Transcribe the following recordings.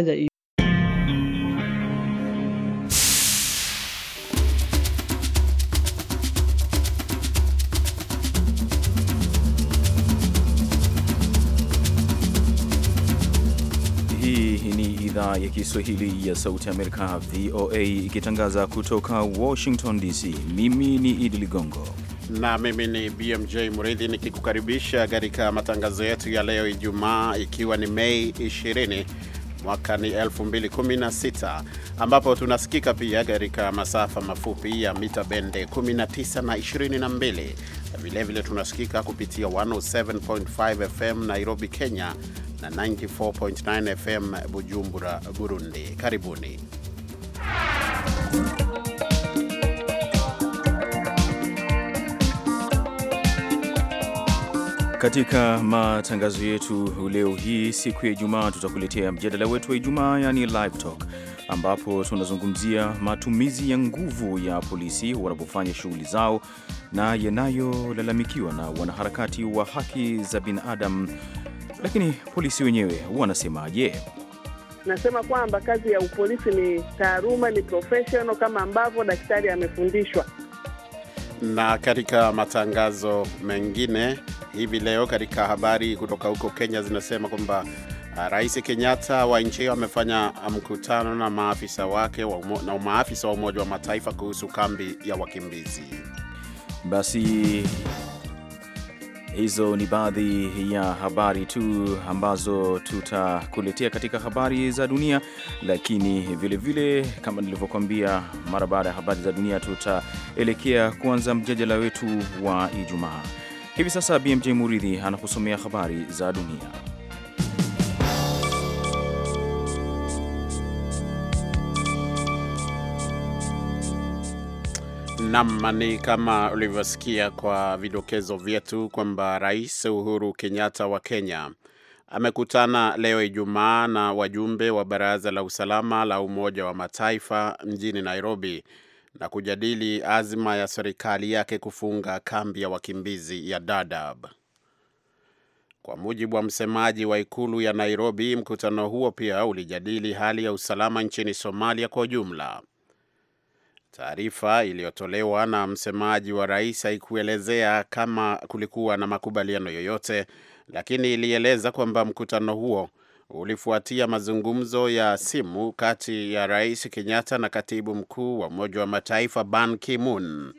Hii ni idhaa ya Kiswahili ya Sauti ya Amerika, VOA, ikitangaza kutoka Washington DC. Mimi ni Idi Ligongo na mimi ni BMJ mridhi nikikukaribisha katika matangazo yetu ya leo Ijumaa, ikiwa ni Mei 20 mwaka ni 2016 ambapo tunasikika pia katika masafa mafupi ya mita bende 19 na 22. Vilevile vile tunasikika kupitia 107.5 FM Nairobi, Kenya na 94.9 FM Bujumbura, Burundi. Karibuni. Katika matangazo yetu leo hii siku ya Ijumaa, tutakuletea mjadala wetu wa Ijumaa, yani live talk, ambapo tunazungumzia matumizi ya nguvu ya polisi wanapofanya shughuli zao na yanayolalamikiwa na wanaharakati wa haki za binadamu. Lakini polisi wenyewe wanasemaje? Nasema kwamba kazi ya upolisi ni taaruma, ni professional kama ambavyo daktari amefundishwa. Na katika matangazo mengine hivi leo, katika habari kutoka huko Kenya zinasema kwamba uh, Rais Kenyatta wa nchi hiyo amefanya uh, mkutano na maafisa wake wa umo, na maafisa wa Umoja wa Mataifa kuhusu kambi ya wakimbizi. Basi Hizo ni baadhi ya habari tu ambazo tutakuletea katika habari za dunia, lakini vilevile vile, kama nilivyokuambia mara baada ya habari za dunia tutaelekea kuanza mjadala wetu wa Ijumaa. Hivi sasa BMJ Muridhi anakusomea habari za dunia. Nam, ni kama ulivyosikia kwa vidokezo vyetu kwamba Rais Uhuru Kenyatta wa Kenya amekutana leo Ijumaa na wajumbe wa Baraza la Usalama la Umoja wa Mataifa mjini Nairobi na kujadili azma ya serikali yake kufunga kambi ya wakimbizi ya Dadaab. Kwa mujibu wa msemaji wa ikulu ya Nairobi, mkutano huo pia ulijadili hali ya usalama nchini Somalia kwa ujumla. Taarifa iliyotolewa na msemaji wa rais haikuelezea kama kulikuwa na makubaliano yoyote, lakini ilieleza kwamba mkutano huo ulifuatia mazungumzo ya simu kati ya Rais Kenyatta na katibu mkuu wa Umoja wa Mataifa Ban Ki-moon.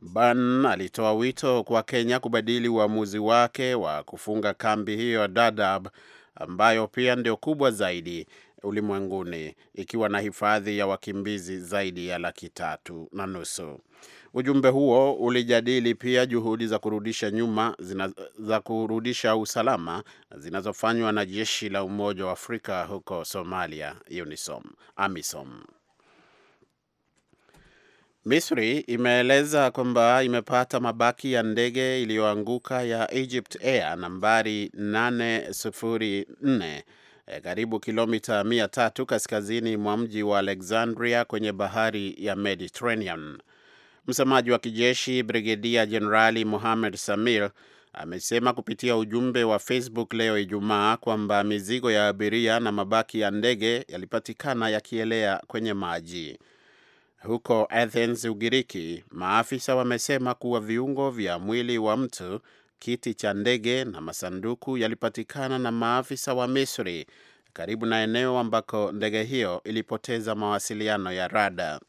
Ban alitoa wito kwa Kenya kubadili uamuzi wake wa kufunga kambi hiyo ya Dadaab ambayo pia ndio kubwa zaidi ulimwenguni ikiwa na hifadhi ya wakimbizi zaidi ya laki tatu na nusu. Ujumbe huo ulijadili pia juhudi za kurudisha nyuma zina, za kurudisha usalama zinazofanywa na jeshi la Umoja wa Afrika huko Somalia, UNISOM, AMISOM. Misri imeeleza kwamba imepata mabaki ya ndege iliyoanguka ya Egypt Air nambari 804 Eh, karibu kilomita tatu kaskazini mwa mji wa Alexandria kwenye bahari ya Mediterranean. Msemaji wa kijeshi Brigedia Jenerali Mohamed Samir amesema kupitia ujumbe wa Facebook leo Ijumaa kwamba mizigo ya abiria na mabaki ya ndege yalipatikana yakielea kwenye maji. Huko Athens, Ugiriki, maafisa wamesema kuwa viungo vya mwili wa mtu kiti cha ndege na masanduku yalipatikana na maafisa wa Misri karibu na eneo ambako ndege hiyo ilipoteza mawasiliano ya rada.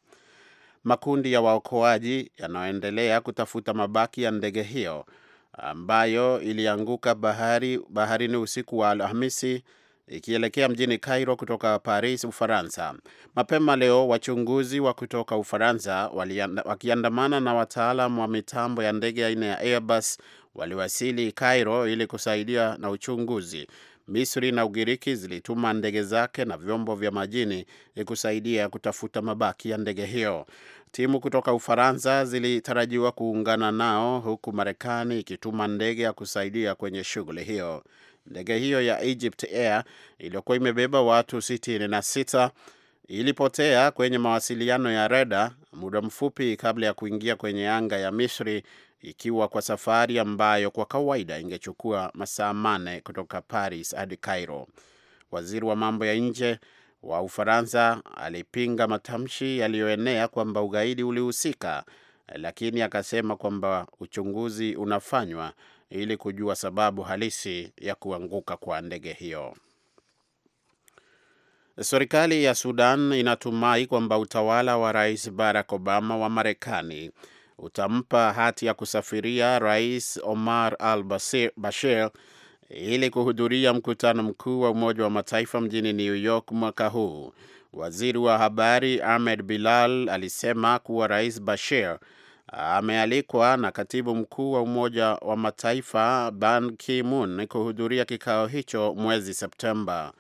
Makundi ya waokoaji yanayoendelea kutafuta mabaki ya ndege hiyo ambayo ilianguka bahari baharini usiku wa Alhamisi ikielekea mjini Cairo kutoka Paris, Ufaransa. Mapema leo wachunguzi wa kutoka Ufaransa wakiandamana na wataalam wa mitambo ya ndege aina ya Airbus waliwasili Cairo ili kusaidia na uchunguzi. Misri na Ugiriki zilituma ndege zake na vyombo vya majini kusaidia kutafuta mabaki ya ndege hiyo. Timu kutoka Ufaransa zilitarajiwa kuungana nao, huku Marekani ikituma ndege ya kusaidia kwenye shughuli hiyo. Ndege hiyo ya Egypt Air iliyokuwa imebeba watu 66 ilipotea kwenye mawasiliano ya reda muda mfupi kabla ya kuingia kwenye anga ya Misri ikiwa kwa safari ambayo kwa kawaida ingechukua masaa mane kutoka Paris hadi Cairo. Waziri wa mambo ya nje wa Ufaransa alipinga matamshi yaliyoenea kwamba ugaidi ulihusika, lakini akasema kwamba uchunguzi unafanywa ili kujua sababu halisi ya kuanguka kwa ndege hiyo. Serikali ya Sudan inatumai kwamba utawala wa Rais Barack Obama wa Marekani utampa hati ya kusafiria Rais Omar al Bashir ili kuhudhuria mkutano mkuu wa Umoja wa Mataifa mjini New York mwaka huu. Waziri wa habari Ahmed Bilal alisema kuwa Rais Bashir amealikwa na katibu mkuu wa Umoja wa Mataifa Ban Ki-moon kuhudhuria kikao hicho mwezi Septemba.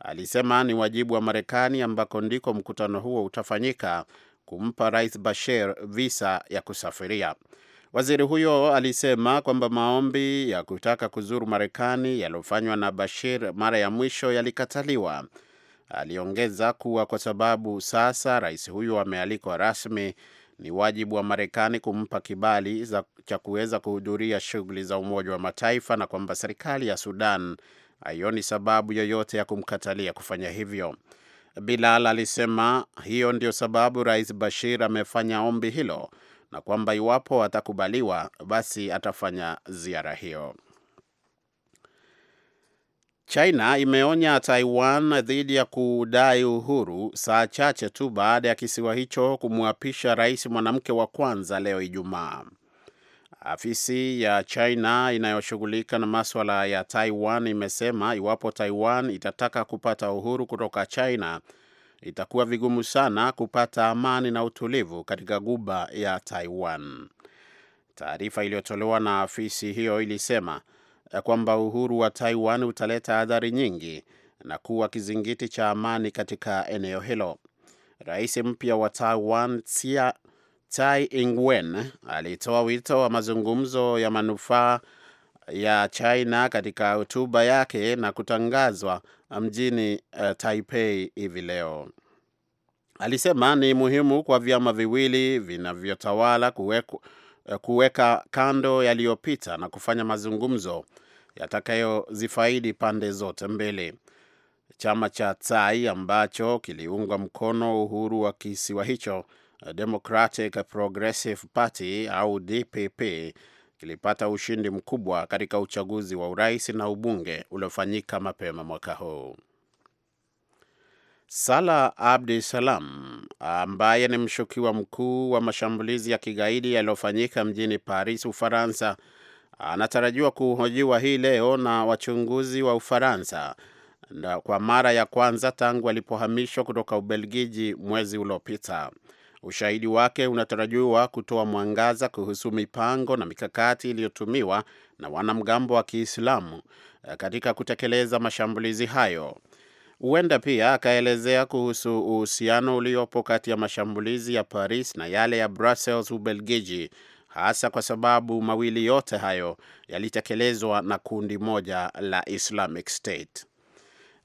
Alisema ni wajibu wa Marekani, ambako ndiko mkutano huo utafanyika, kumpa Rais Bashir visa ya kusafiria. Waziri huyo alisema kwamba maombi ya kutaka kuzuru Marekani yaliyofanywa na Bashir mara ya mwisho yalikataliwa. Aliongeza kuwa kwa sababu sasa rais huyo amealikwa rasmi, ni wajibu wa Marekani kumpa kibali za cha kuweza kuhudhuria shughuli za Umoja wa Mataifa na kwamba serikali ya Sudan haioni sababu yoyote ya kumkatalia kufanya hivyo. Bilal alisema hiyo ndio sababu Rais Bashir amefanya ombi hilo na kwamba iwapo atakubaliwa basi atafanya ziara hiyo. China imeonya Taiwan dhidi ya kudai uhuru saa chache tu baada ya kisiwa hicho kumwapisha rais mwanamke wa kwanza leo Ijumaa. Afisi ya China inayoshughulika na maswala ya Taiwan imesema iwapo Taiwan itataka kupata uhuru kutoka China itakuwa vigumu sana kupata amani na utulivu katika guba ya Taiwan. Taarifa iliyotolewa na afisi hiyo ilisema kwamba uhuru wa Taiwan utaleta adhari nyingi na kuwa kizingiti cha amani katika eneo hilo. Rais mpya wa Taiwan Tsai Ing-wen alitoa wito wa mazungumzo ya manufaa ya China katika hotuba yake na kutangazwa mjini uh, Taipei hivi leo. Alisema ni muhimu kwa vyama viwili vinavyotawala eh, kuweka kando yaliyopita na kufanya mazungumzo yatakayozifaidi pande zote mbili. Chama cha Tsai ambacho kiliunga mkono uhuru wa kisiwa hicho Democratic Progressive Party au DPP kilipata ushindi mkubwa katika uchaguzi wa urais na ubunge uliofanyika mapema mwaka huu. Salah Abdi Salam ambaye ni mshukiwa mkuu wa mashambulizi ya kigaidi yaliyofanyika mjini Paris, Ufaransa, anatarajiwa kuhojiwa hii leo na wachunguzi wa Ufaransa na kwa mara ya kwanza tangu alipohamishwa kutoka Ubelgiji mwezi uliopita. Ushahidi wake unatarajiwa kutoa mwangaza kuhusu mipango na mikakati iliyotumiwa na wanamgambo wa Kiislamu eh, katika kutekeleza mashambulizi hayo. Huenda pia akaelezea kuhusu uhusiano uliopo kati ya mashambulizi ya Paris na yale ya Brussels, Ubelgiji, hasa kwa sababu mawili yote hayo yalitekelezwa na kundi moja la Islamic State.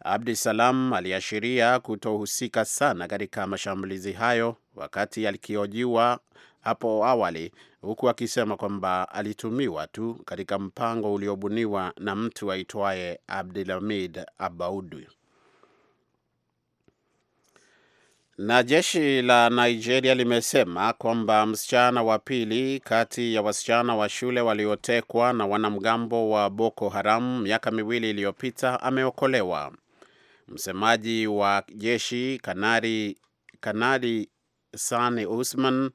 Abdi Salam aliashiria kutohusika sana katika mashambulizi hayo wakati alikiojiwa hapo awali, huku akisema kwamba alitumiwa tu katika mpango uliobuniwa na mtu aitwaye Abdulhamid Abaudu. Na jeshi la Nigeria limesema kwamba msichana wa pili kati ya wasichana wa shule waliotekwa na wanamgambo wa Boko Haram miaka miwili iliyopita ameokolewa. Msemaji wa jeshi Kanali kanari Sani Usman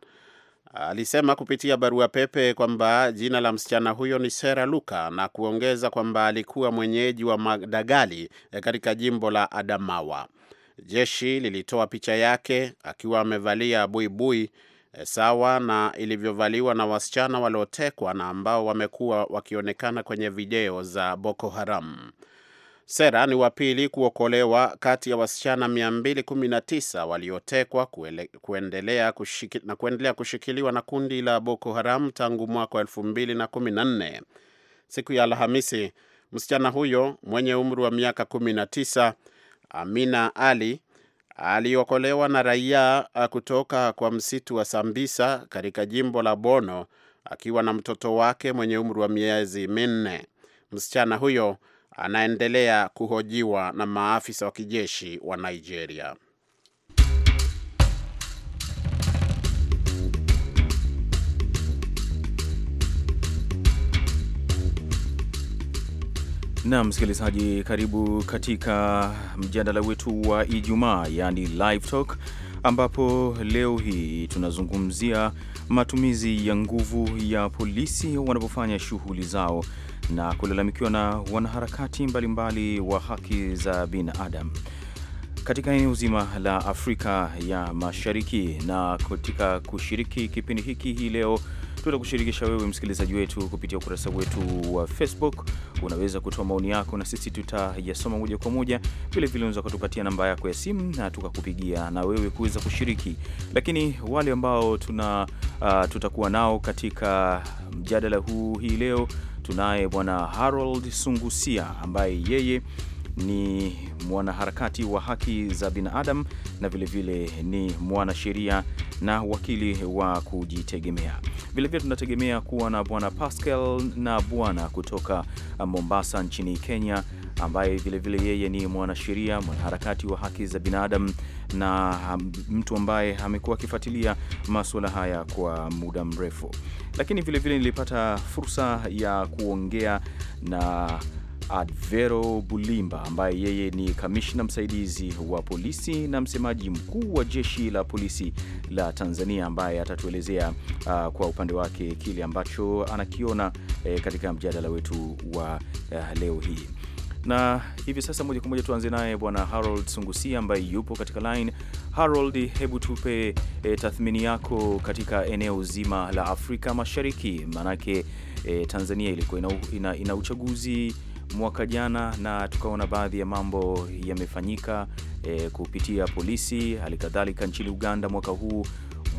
alisema kupitia barua pepe kwamba jina la msichana huyo ni Sera Luka na kuongeza kwamba alikuwa mwenyeji wa Madagali eh, katika jimbo la Adamawa. Jeshi lilitoa picha yake akiwa amevalia buibui eh, sawa na ilivyovaliwa na wasichana waliotekwa na ambao wamekuwa wakionekana kwenye video za Boko Haram. Sera ni wa pili kuokolewa kati ya wasichana 219 waliotekwa kuele, kuendelea kushiki, na kuendelea kushikiliwa na kundi la Boko Haram tangu mwaka wa 2014. Siku ya Alhamisi, msichana huyo mwenye umri wa miaka 19, Amina Ali, aliokolewa na raia kutoka kwa msitu wa Sambisa katika jimbo la Bono akiwa na mtoto wake mwenye umri wa miezi minne. Msichana huyo anaendelea kuhojiwa na maafisa wa kijeshi wa Nigeria. Na msikilizaji, karibu katika mjadala wetu wa Ijumaa, yani live talk, ambapo leo hii tunazungumzia matumizi ya nguvu ya polisi wanapofanya shughuli zao na kulalamikiwa na wanaharakati mbalimbali wa haki za binadamu katika eneo zima la Afrika ya Mashariki. Na katika kushiriki kipindi hiki hii leo, tutakushirikisha wewe msikilizaji wetu kupitia ukurasa wetu wa Facebook. Unaweza kutoa maoni yako na sisi tutayasoma moja kwa moja. Vilevile unaweza kutupatia namba yako ya simu na tukakupigia na wewe kuweza kushiriki. Lakini wale ambao tuna uh, tutakuwa nao katika mjadala huu hii leo tunaye bwana Harold Sungusia ambaye yeye ni mwanaharakati wa haki za binadamu na vilevile vile ni mwanasheria na wakili wa kujitegemea. Vilevile tunategemea kuwa na bwana Pascal na bwana kutoka Mombasa nchini Kenya, ambaye vilevile vile yeye ni mwanasheria, mwanaharakati wa haki za binadamu na mtu ambaye amekuwa akifuatilia masuala haya kwa muda mrefu. Lakini vilevile vile nilipata fursa ya kuongea na Advero Bulimba ambaye yeye ni kamishna msaidizi wa polisi na msemaji mkuu wa jeshi la polisi la Tanzania, ambaye atatuelezea uh, kwa upande wake kile ambacho anakiona eh, katika mjadala wetu wa uh, leo hii na hivi sasa moja kwa moja tuanze naye Bwana Harold Sungusia ambaye yupo katika line. Harold, hebu tupe e, tathmini yako katika eneo zima la Afrika Mashariki, maanake e, Tanzania ilikuwa ina, ina, ina uchaguzi mwaka jana, na tukaona baadhi ya mambo yamefanyika e, kupitia polisi. Hali kadhalika nchini Uganda mwaka huu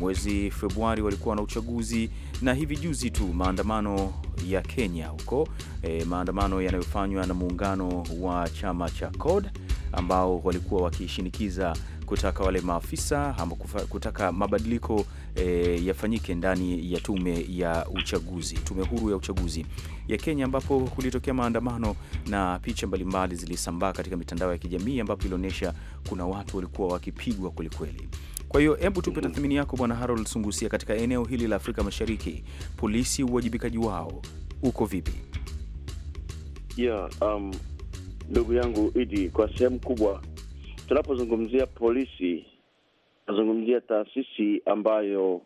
mwezi Februari walikuwa na uchaguzi, na hivi juzi tu maandamano ya Kenya huko e, maandamano yanayofanywa na muungano wa chama cha CORD ambao walikuwa wakishinikiza kutaka wale maafisa ama kutaka mabadiliko e, yafanyike ndani ya tume ya uchaguzi, tume huru ya uchaguzi ya Kenya, ambapo kulitokea maandamano na picha mbalimbali zilisambaa katika mitandao ya kijamii, ambapo ilionyesha kuna watu walikuwa wakipigwa kwelikweli. Kwa hiyo hebu tupe tathmini yako Bwana Harold Sungusia, katika eneo hili la Afrika Mashariki, polisi uwajibikaji wao uko vipi? Yeah, um, ndugu yangu Idi, kwa sehemu kubwa tunapozungumzia polisi, tunazungumzia taasisi ambayo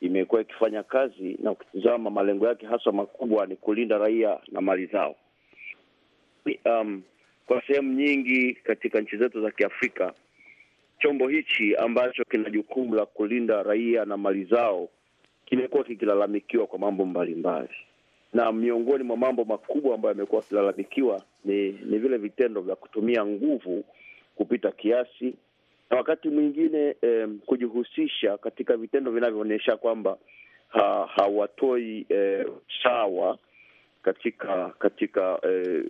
imekuwa ikifanya kazi na ukitizama malengo yake haswa makubwa ni kulinda raia na mali zao. Um, kwa sehemu nyingi katika nchi zetu za Kiafrika, chombo hichi ambacho kina jukumu la kulinda raia na mali zao kimekuwa kikilalamikiwa kwa mambo mbalimbali, na miongoni mwa mambo makubwa ambayo yamekuwa akilalamikiwa ni, ni vile vitendo vya kutumia nguvu kupita kiasi, na wakati mwingine eh, kujihusisha katika vitendo vinavyoonyesha kwamba ha, hawatoi eh, sawa katika katika eh,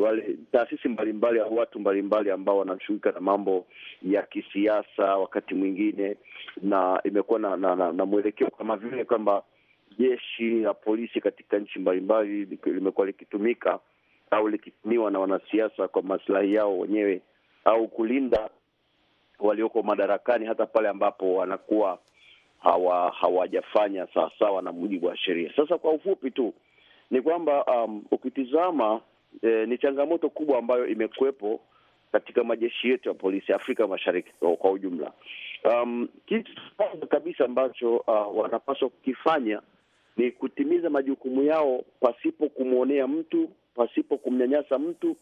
wale taasisi mbalimbali au watu mbalimbali ambao wanashughulika na mambo ya kisiasa wakati mwingine, na imekuwa na, na, na, na mwelekeo kama vile kwamba jeshi la polisi katika nchi mbalimbali limekuwa likitumika au likitumiwa na wanasiasa kwa maslahi yao wenyewe au kulinda walioko madarakani hata pale ambapo wanakuwa hawa hawajafanya sawasawa na mujibu wa sheria. Sasa kwa ufupi tu ni kwamba um, ukitizama eh, ni changamoto kubwa ambayo imekuwepo katika majeshi yetu ya polisi Afrika Mashariki kwa ujumla. Um, kitu kwanza kabisa ambacho uh, wanapaswa kukifanya ni kutimiza majukumu yao pasipo kumwonea mtu, pasipo kumnyanyasa mtu,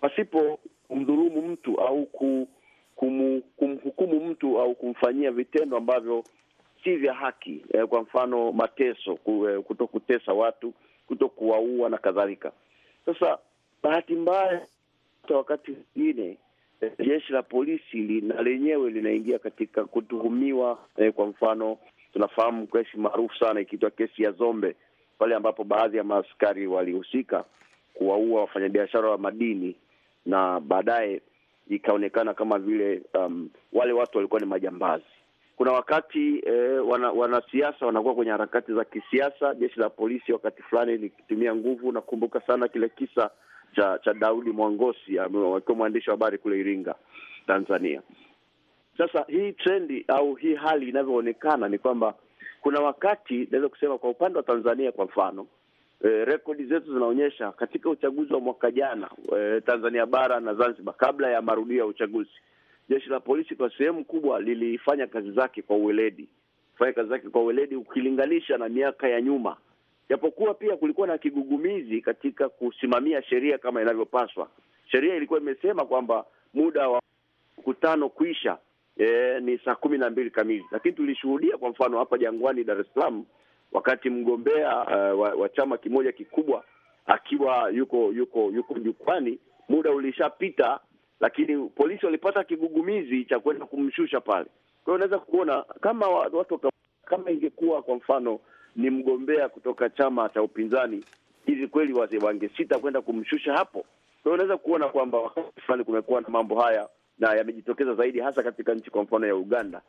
pasipo kumdhulumu mtu au kumu, kumhukumu mtu au kumfanyia vitendo ambavyo si vya haki eh, kwa mfano mateso, eh, kuto kutesa watu, kuto kuwaua na kadhalika. Sasa bahati mbaya, hata wakati mwingine eh, jeshi la polisi na lenyewe linaingia katika kutuhumiwa eh, kwa mfano tunafahamu kesi maarufu sana ikiitwa kesi ya Zombe, pale ambapo baadhi ya maaskari walihusika kuwaua wafanyabiashara wa madini na baadaye ikaonekana kama vile um, wale watu walikuwa ni majambazi. Kuna wakati eh, wanasiasa wana wanakuwa kwenye harakati za kisiasa. Jeshi la polisi wakati fulani likitumia nguvu, nakumbuka sana kile kisa cha cha Daudi Mwangosi akiwa mwandishi wa habari kule Iringa, Tanzania. Sasa hii trendi au hii hali inavyoonekana ni kwamba kuna wakati naweza kusema kwa upande wa Tanzania kwa mfano eh, rekodi zetu zinaonyesha katika uchaguzi wa mwaka jana eh, Tanzania bara na Zanzibar, kabla ya marudio ya uchaguzi, jeshi la polisi kwa sehemu kubwa lilifanya kazi zake kwa uweledi, fanya kazi zake kwa uweledi ukilinganisha na miaka ya nyuma, japokuwa pia kulikuwa na kigugumizi katika kusimamia sheria kama inavyopaswa. Sheria ilikuwa imesema kwamba muda wa mkutano kuisha e, ni saa kumi na mbili kamili, lakini tulishuhudia kwa mfano hapa Jangwani, Dar es Salaam wakati mgombea uh, wa, wa chama kimoja kikubwa akiwa yuko yuko yuko jukwani, muda ulishapita, lakini polisi walipata kigugumizi cha kwenda kumshusha pale. Kwa hiyo unaweza kuona kama watu kama ingekuwa kwa mfano ni mgombea kutoka chama cha upinzani, hivi kweli wazee wangesita kwenda kumshusha hapo. Kwa hiyo unaweza kuona kwamba wakati fulani kumekuwa na mambo haya na yamejitokeza zaidi hasa katika nchi kwa mfano ya Uganda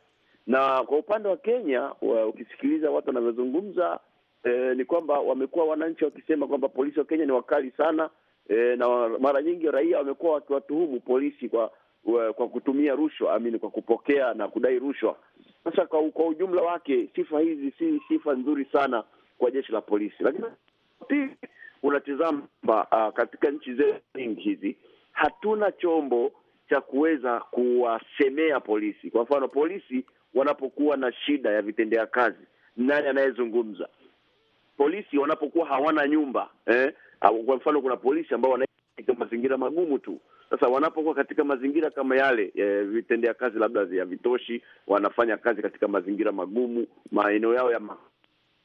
na kwa upande wa Kenya wa, ukisikiliza watu wanavyozungumza eh, ni kwamba wamekuwa wananchi wakisema kwamba polisi wa Kenya ni wakali sana eh, na mara nyingi raia wamekuwa wakiwatuhumu polisi kwa kwa kutumia rushwa amini, kwa kupokea na kudai rushwa. Sasa kwa, kwa ujumla wake sifa hizi si sifa nzuri sana kwa jeshi la polisi, lakini pili, unatizama uh, katika nchi zetu nyingi hizi hatuna chombo cha kuweza kuwasemea polisi. Kwa mfano polisi wanapokuwa na shida ya vitendea kazi, nani anayezungumza? Polisi wanapokuwa hawana nyumba eh? Kwa mfano kuna polisi ambao wanaishi katika mazingira magumu tu. Sasa wanapokuwa katika mazingira kama yale eh, vitendea kazi labda havitoshi, wanafanya kazi katika mazingira magumu, maeneo yao ya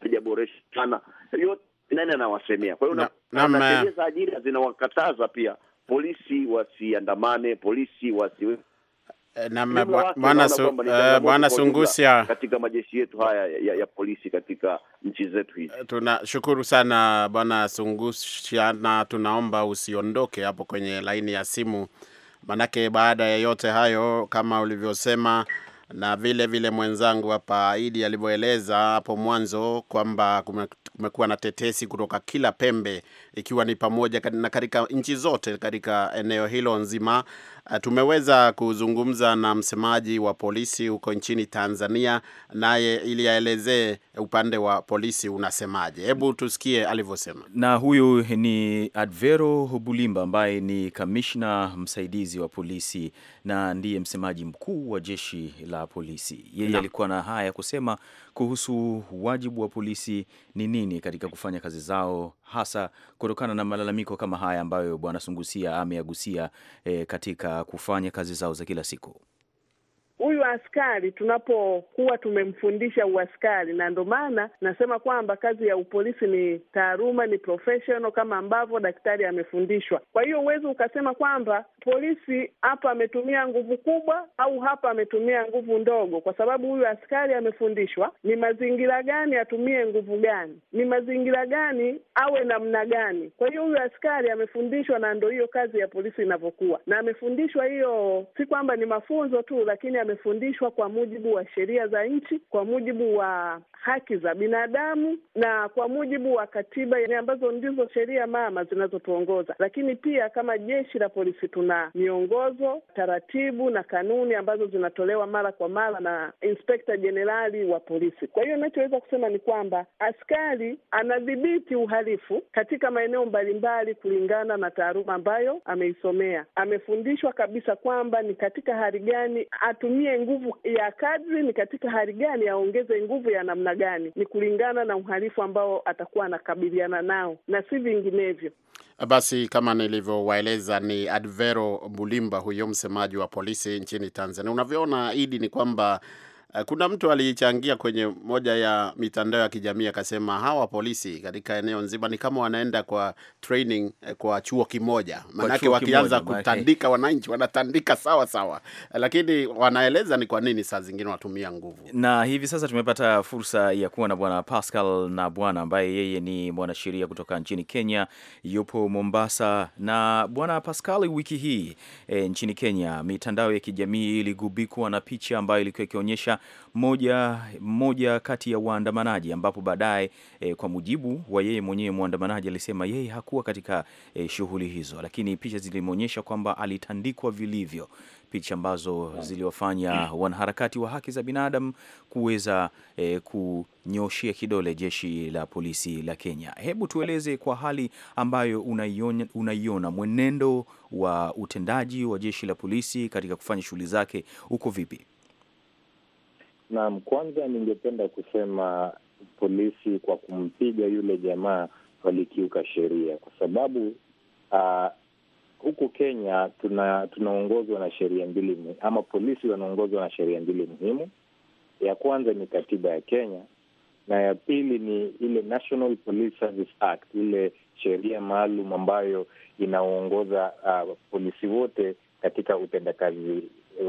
hajaboresha sana, yote nani anawasemea? Kwa hiyo na sheria za ajira zinawakataza pia polisi wasiandamane, polisi wasiwe Eh, bwana eh, Sungusia, katika majeshi yetu haya ya, ya polisi katika nchi zetu hizi. Eh, tunashukuru sana Bwana Sungusia, na tunaomba usiondoke hapo kwenye laini ya simu, manake baada ya yote hayo kama ulivyosema na vile vile mwenzangu hapa Idi alivyoeleza hapo mwanzo kwamba kumekuwa na tetesi kutoka kila pembe, ikiwa ni pamoja na katika nchi zote katika eneo hilo nzima Tumeweza kuzungumza na msemaji wa polisi huko nchini Tanzania, naye ili aelezee upande wa polisi unasemaje. Hebu tusikie alivyosema. Na huyu ni Advero Bulimba ambaye ni kamishna msaidizi wa polisi na ndiye msemaji mkuu wa jeshi la polisi. Yeye alikuwa na haya ya kusema kuhusu wajibu wa polisi ni nini katika kufanya kazi zao, hasa kutokana na malalamiko kama haya ambayo Bwana Sungusia ameagusia e, eh, katika kufanya kazi zao za kila siku huyu askari tunapokuwa tumemfundisha uaskari, na ndo maana nasema kwamba kazi ya upolisi ni taaluma, ni professional kama ambavyo daktari amefundishwa. Kwa hiyo huwezi ukasema kwamba polisi hapa ametumia nguvu kubwa au hapa ametumia nguvu ndogo, kwa sababu huyu askari amefundishwa ni mazingira gani atumie nguvu gani, ni mazingira gani awe namna gani. Kwa hiyo huyu askari amefundishwa, na ndo hiyo kazi ya polisi inavyokuwa, na amefundishwa hiyo, si kwamba ni mafunzo tu, lakini amefundishwa kwa mujibu wa sheria za nchi, kwa mujibu wa haki za binadamu na kwa mujibu wa katiba ambazo ndizo sheria mama zinazotuongoza. Lakini pia kama jeshi la polisi tuna miongozo, taratibu na kanuni ambazo zinatolewa mara kwa mara na inspekta jenerali wa polisi. Kwa hiyo inachoweza kusema ni kwamba askari anadhibiti uhalifu katika maeneo mbalimbali kulingana na taaluma ambayo ameisomea. Amefundishwa kabisa kwamba ni katika hali gani atumie atumie nguvu ya kadri, ni katika hali gani aongeze nguvu ya namna gani, ni kulingana na uhalifu ambao atakuwa anakabiliana nao na si vinginevyo. Basi kama nilivyowaeleza, ni Advero Bulimba huyo msemaji wa polisi nchini Tanzania. Unavyoona Idi, ni kwamba Eh, kuna mtu alichangia kwenye moja ya mitandao ya kijamii akasema hawa polisi katika eneo nzima ni kama wanaenda kwa training eh, kwa chuo kimoja, maanake wakianza kutandika wananchi wanatandika sawa sawa, eh, lakini wanaeleza ni kwa nini saa zingine wanatumia nguvu. Na hivi sasa tumepata fursa ya kuwa na Bwana Pascal na Bwana ambaye yeye ni mwanasheria kutoka nchini Kenya, yupo Mombasa. Na Bwana Pascal, wiki hii e, nchini Kenya mitandao ya kijamii iligubikwa na picha ambayo ilikuwa ikionyesha moja mmoja kati ya waandamanaji, ambapo baadaye eh, kwa mujibu wa yeye mwenyewe mwandamanaji alisema yeye hakuwa katika eh, shughuli hizo, lakini picha zilimwonyesha kwamba alitandikwa vilivyo, picha ambazo ziliwafanya wanaharakati wa haki za binadamu kuweza eh, kunyoshia kidole jeshi la polisi la Kenya. Hebu tueleze kwa hali ambayo unaiona, unaiona mwenendo wa utendaji wa jeshi la polisi katika kufanya shughuli zake uko vipi? Naam, kwanza ningependa kusema polisi kwa kumpiga yule jamaa walikiuka sheria, kwa sababu uh, huku Kenya tuna tunaongozwa na sheria mbili ama polisi wanaongozwa na sheria mbili muhimu. Ya kwanza ni katiba ya Kenya na ya pili ni ile National Police Service Act, ile sheria maalum ambayo inaongoza uh, polisi wote katika utendakazi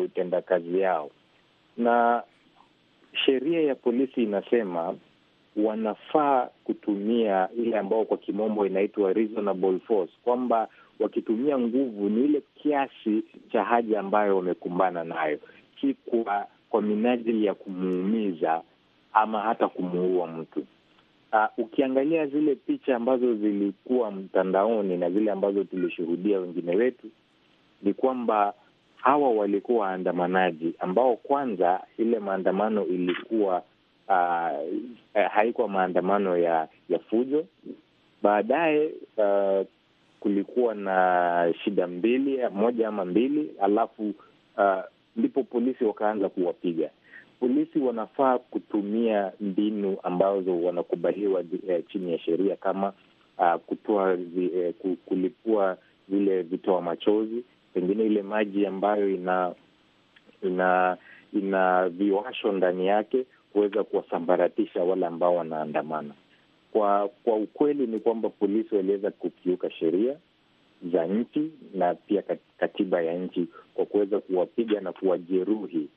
utendakazi yao. Na sheria ya polisi inasema wanafaa kutumia ile ambayo kwa kimombo inaitwa reasonable force, kwamba wakitumia nguvu ni ile kiasi cha haja ambayo wamekumbana nayo, si kwa kwa minajili ya kumuumiza ama hata kumuua mtu. Uh, ukiangalia zile picha ambazo zilikuwa mtandaoni na zile ambazo tulishuhudia wengine wetu, ni kwamba hawa walikuwa waandamanaji ambao kwanza ile maandamano ilikuwa uh, haikuwa maandamano ya ya fujo. Baadaye uh, kulikuwa na shida mbili, moja ama mbili, alafu ah, ndipo uh, polisi wakaanza kuwapiga. Polisi wanafaa kutumia mbinu ambazo wanakubaliwa eh, chini ya sheria kama uh, kutoa eh, kulipua vile vitoa machozi pengine ile maji ambayo ina ina ina viwasho ndani yake kuweza kuwasambaratisha wale ambao wanaandamana. Kwa kwa ukweli ni kwamba polisi waliweza kukiuka sheria za nchi na pia katiba ya nchi kwa kuweza kuwapiga na kuwajeruhi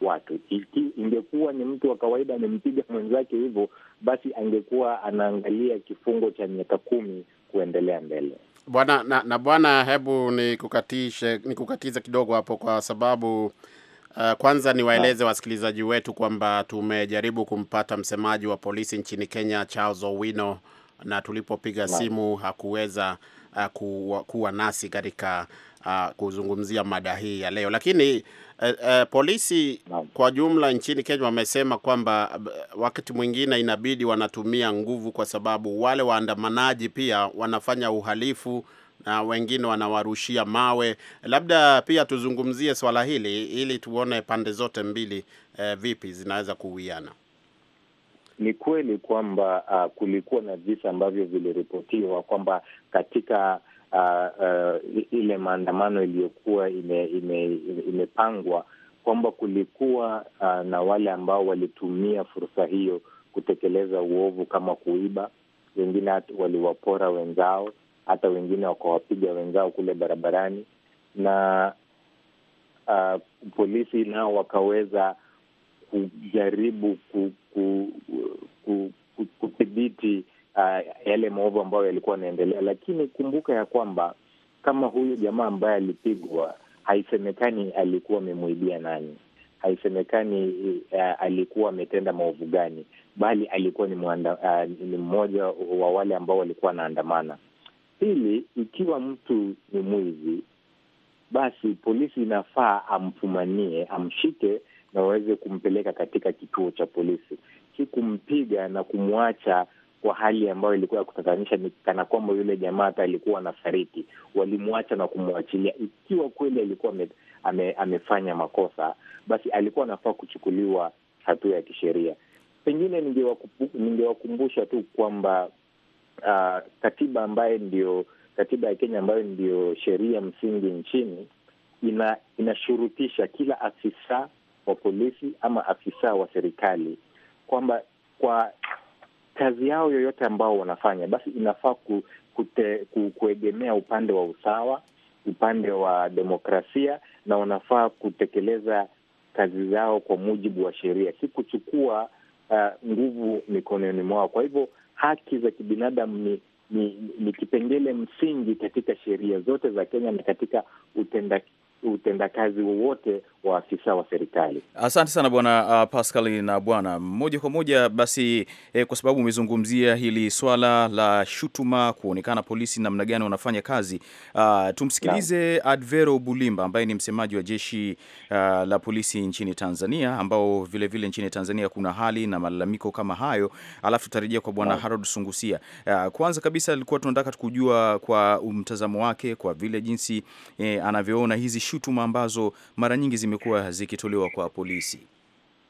watu. Iki ingekuwa ni mtu wa kawaida amempiga mwenzake hivyo, basi angekuwa anaangalia kifungo cha miaka kumi kuendelea mbele bwana na, na bwana, hebu nikukatishe nikukatize kidogo hapo kwa sababu Uh, kwanza niwaeleze ah. wasikilizaji wetu kwamba tumejaribu kumpata msemaji wa polisi nchini Kenya Charles Owino, na tulipopiga simu hakuweza uh, kuwa, kuwa nasi katika uh, kuzungumzia mada hii ya leo, lakini uh, uh, polisi kwa jumla nchini Kenya wamesema kwamba wakati mwingine inabidi wanatumia nguvu, kwa sababu wale waandamanaji pia wanafanya uhalifu na wengine wanawarushia mawe. Labda pia tuzungumzie swala hili ili tuone pande zote mbili eh, vipi zinaweza kuwiana. Ni kweli kwamba uh, kulikuwa na visa ambavyo viliripotiwa kwamba katika uh, uh, ile maandamano iliyokuwa imepangwa ime, ime kwamba kulikuwa uh, na wale ambao walitumia fursa hiyo kutekeleza uovu kama kuiba, wengine waliwapora wenzao, hata wengine wakawapiga wenzao kule barabarani, na uh, polisi nao wakaweza kujaribu ku, ku, ku, ku, kudhibiti uh, yale maovu ambayo yalikuwa yanaendelea. Lakini kumbuka ya kwamba kama huyu jamaa ambaye alipigwa Haisemekani alikuwa amemwibia nani, haisemekani uh, eh, alikuwa ametenda maovu gani, bali alikuwa ni, muanda, uh, eh, ni mmoja wa wale ambao walikuwa wanaandamana. Pili, ikiwa mtu ni mwizi, basi polisi inafaa amfumanie, amshike na waweze kumpeleka katika kituo cha polisi, si kumpiga na kumwacha kwa hali ambayo ilikuwa ya kutatanisha, ni kana kwamba yule jamaa hata alikuwa anafariki, walimwacha na kumwachilia. Ikiwa kweli alikuwa ame, ame, amefanya makosa, basi alikuwa anafaa kuchukuliwa hatua ya kisheria. Pengine ningewakumbusha tu kwamba uh, katiba ambayo ndio katiba ya Kenya ambayo ndiyo sheria msingi nchini ina, inashurutisha kila afisa wa polisi ama afisa wa serikali kwamba kwa kazi yao yoyote ambao wanafanya basi inafaa ku, kute, ku, kuegemea upande wa usawa, upande wa demokrasia, na wanafaa kutekeleza kazi zao kwa mujibu wa sheria, si kuchukua uh, nguvu mikononi mwao. Kwa hivyo haki za kibinadamu ni ni, ni kipengele msingi katika sheria zote za Kenya na katika utenda utendakazi wowote wa afisa wa serikali. Asante sana bwana uh, Pascal na bwana moja kwa moja basi eh, kwa sababu umezungumzia hili swala la shutuma kuonekana polisi namna gani wanafanya kazi uh, tumsikilize na Advero Bulimba ambaye ni msemaji wa jeshi uh, la polisi nchini Tanzania, ambao vilevile vile nchini Tanzania kuna hali na malalamiko kama hayo, alafu tutarejea kwa bwana Harold Sungusia. Uh, kwanza kabisa alikuwa tunataka kujua kwa mtazamo wake kwa vile jinsi eh, anavyoona hizi shutuma ambazo mara nyingi zimekuwa zikitolewa kwa polisi?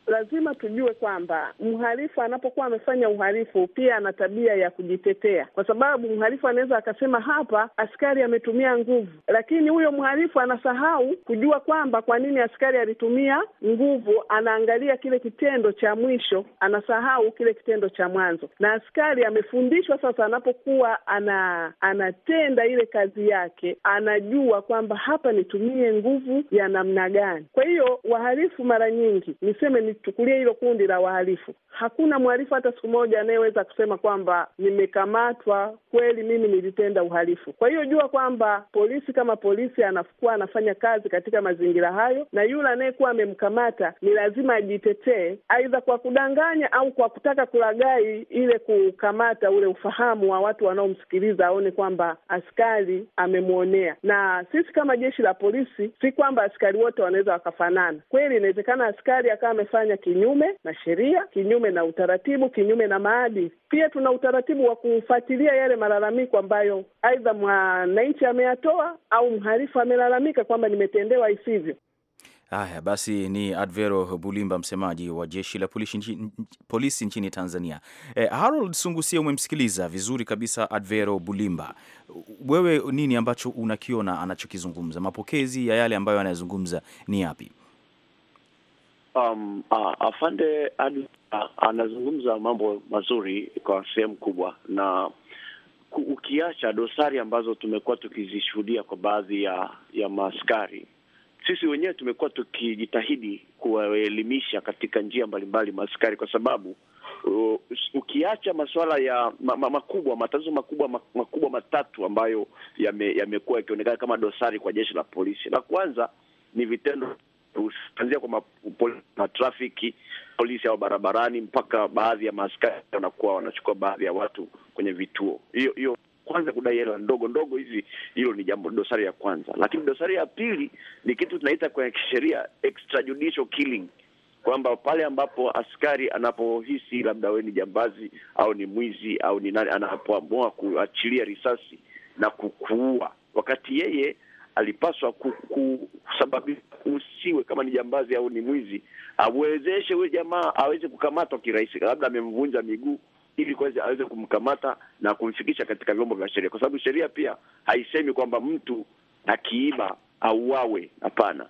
lazima tujue kwamba mhalifu anapokuwa amefanya uhalifu pia ana tabia ya kujitetea, kwa sababu mhalifu anaweza akasema, hapa askari ametumia nguvu, lakini huyo mhalifu anasahau kujua kwamba kwa nini askari alitumia nguvu. Anaangalia kile kitendo cha mwisho, anasahau kile kitendo cha mwanzo. Na askari amefundishwa sasa, anapokuwa ana anatenda ile kazi yake, anajua kwamba hapa nitumie nguvu ya namna gani. Kwa hiyo wahalifu mara nyingi niseme ni tuchukulie hilo kundi la wahalifu, hakuna mhalifu hata siku moja anayeweza kusema kwamba nimekamatwa kweli, mimi nilitenda uhalifu. Kwa hiyo jua kwamba polisi kama polisi anakuwa anafanya kazi katika mazingira hayo, na yule anayekuwa amemkamata ni lazima ajitetee, aidha kwa kudanganya au kwa kutaka kulagai ile kukamata ule ufahamu wa watu wanaomsikiliza, aone kwamba askari amemwonea. Na sisi kama jeshi la polisi, si kwamba askari wote wanaweza wakafanana. Kweli inawezekana askari akawa amefanya kufanya kinyume na sheria, kinyume na utaratibu, kinyume na maadili. Pia tuna utaratibu wa kufuatilia yale malalamiko ambayo aidha mwananchi ameyatoa au mhalifu amelalamika kwamba nimetendewa isivyo. Haya basi, ni Advero Bulimba, msemaji wa jeshi la polisi nchini Tanzania. E, Harold Sungusia, umemsikiliza vizuri kabisa Advero Bulimba. Wewe nini ambacho unakiona anachokizungumza? Mapokezi ya yale ambayo anayazungumza ni yapi? um, uh, afande Adu uh, anazungumza mambo mazuri kwa sehemu kubwa, na ukiacha dosari ambazo tumekuwa tukizishuhudia kwa baadhi ya ya maaskari, sisi wenyewe tumekuwa tukijitahidi kuwaelimisha katika njia mbalimbali maaskari, kwa sababu uh, ukiacha masuala ya ma, ma, makubwa matatizo makubwa ma, makubwa matatu ambayo yamekuwa me, ya yakionekana kama dosari kwa jeshi la polisi, la kwanza ni vitendo kuanzia kwa matrafiki, polisi au barabarani mpaka baadhi ya maaskari wanakuwa wanachukua baadhi ya watu kwenye vituo. Hiyo hiyo kwanza kudai hela ndogo ndogo hizi, hilo ni jambo dosari ya kwanza. Lakini dosari ya pili ni kitu tunaita kwenye kisheria extrajudicial killing, kwamba pale ambapo askari anapohisi labda we ni jambazi au ni mwizi au ni nani, anapoamua kuachilia risasi na kukuua wakati yeye alipaswa kusababisha usiwe kama ni jambazi au ni mwizi, awezeshe huyo jamaa aweze kukamatwa kirahisi, labda amemvunja miguu ili aweze kumkamata na kumfikisha katika vyombo vya sheria, kwa sababu sheria pia haisemi kwamba mtu akiiba auawe. Hapana,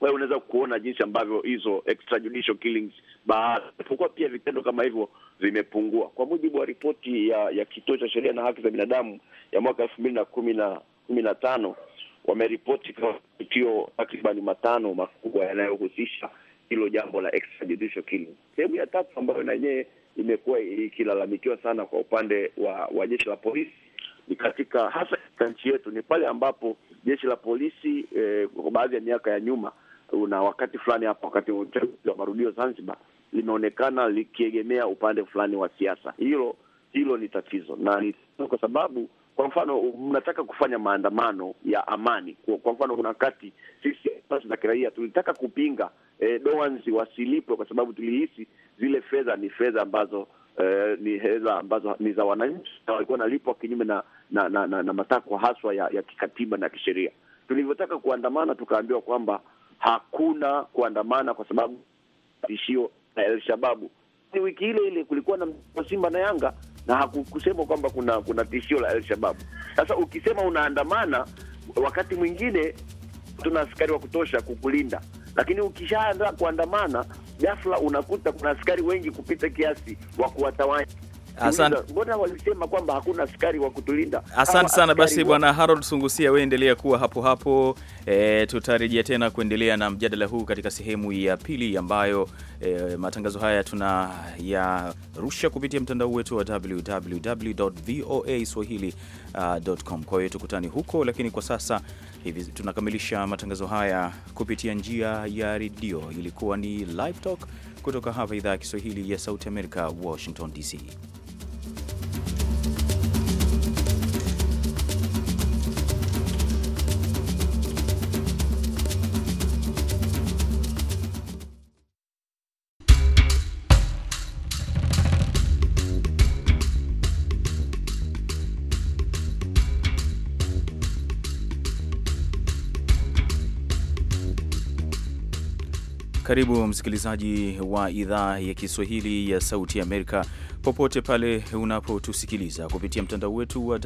wewe unaweza kuona jinsi ambavyo hizo extrajudicial killings baadhi, pia vitendo kama hivyo vimepungua, kwa mujibu wa ripoti ya ya Kituo cha Sheria na Haki za Binadamu ya mwaka elfu mbili na kumi na kumi na tano wameripoti matukio takribani matano makubwa yanayohusisha hilo jambo la extrajudicial killing. Sehemu ya tatu ambayo na yenyewe imekuwa ikilalamikiwa sana kwa upande wa, wa jeshi la polisi ni katika hasa katika nchi yetu ni pale ambapo jeshi la polisi eh, baadhi ya miaka ya nyuma una wakati fulani hapa, wakati wa uchaguzi wa marudio Zanzibar, limeonekana likiegemea upande fulani wa siasa. Hilo hilo ni tatizo na ni kwa sababu kwa mfano mnataka kufanya maandamano ya amani. Kwa mfano kuna wakati sisi asasi za kiraia tulitaka kupinga e, doanzi wasilipwe kwa sababu tulihisi zile fedha ni fedha ambazo Eh, ni hela ambazo ni za wananchi na walikuwa nalipwa kinyume na na, na, na, na matakwa haswa ya, ya kikatiba na kisheria. Tulivyotaka kuandamana, tukaambiwa kwamba hakuna kuandamana kwa sababu tishio na Alshababu. Ni wiki ile ile kulikuwa na Simba na Yanga, na hakusema kwamba kuna kuna tishio la Alshababu. Sasa ukisema unaandamana, wakati mwingine tuna askari wa kutosha kukulinda, lakini ukishaanza kuandamana, ghafla unakuta kuna askari wengi kupita kiasi wa kuwatawanya. Asante. Mbona walisema kwamba hakuna askari wa kutulinda? Asante sana basi, bwana Harold Sungusia, wewe endelea kuwa hapo hapo. E, tutarejea tena kuendelea na mjadala huu katika sehemu ya pili ambayo e, matangazo haya tunayarusha kupitia mtandao wetu wa www.voaswahili.com. Kwa hiyo tukutane huko, lakini kwa sasa hivi tunakamilisha matangazo haya kupitia njia ya redio. Ilikuwa ni Live Talk kutoka hapa idhaa ya Kiswahili ya Sauti Amerika, Washington DC. Karibu msikilizaji wa idhaa ya Kiswahili ya Sauti ya Amerika popote pale unapotusikiliza kupitia mtandao wetu wa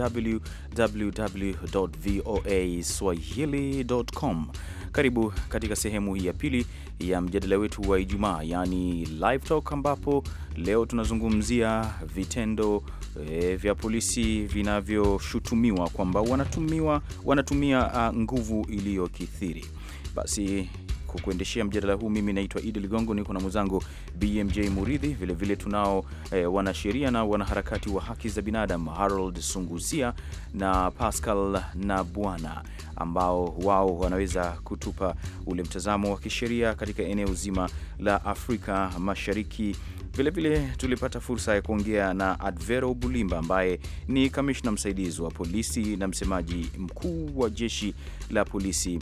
swahilicom. Karibu katika sehemu hii ya pili ya mjadala wetu wa Ijumaa, yaani live talk, ambapo leo tunazungumzia vitendo e, vya polisi vinavyoshutumiwa kwamba wanatumiwa, wanatumia uh, nguvu iliyokithiri. Basi kukuendeshea mjadala huu mimi naitwa Idi Ligongo, niko na mwenzangu BMJ Muridhi. Vilevile tunao eh, wanasheria na wanaharakati wa haki za binadamu Harold Sungusia na Pascal na Bwana, ambao wao wanaweza kutupa ule mtazamo wa kisheria katika eneo zima la Afrika Mashariki. Vilevile tulipata fursa ya kuongea na Advero Bulimba ambaye ni kamishna msaidizi wa polisi na msemaji mkuu wa jeshi la polisi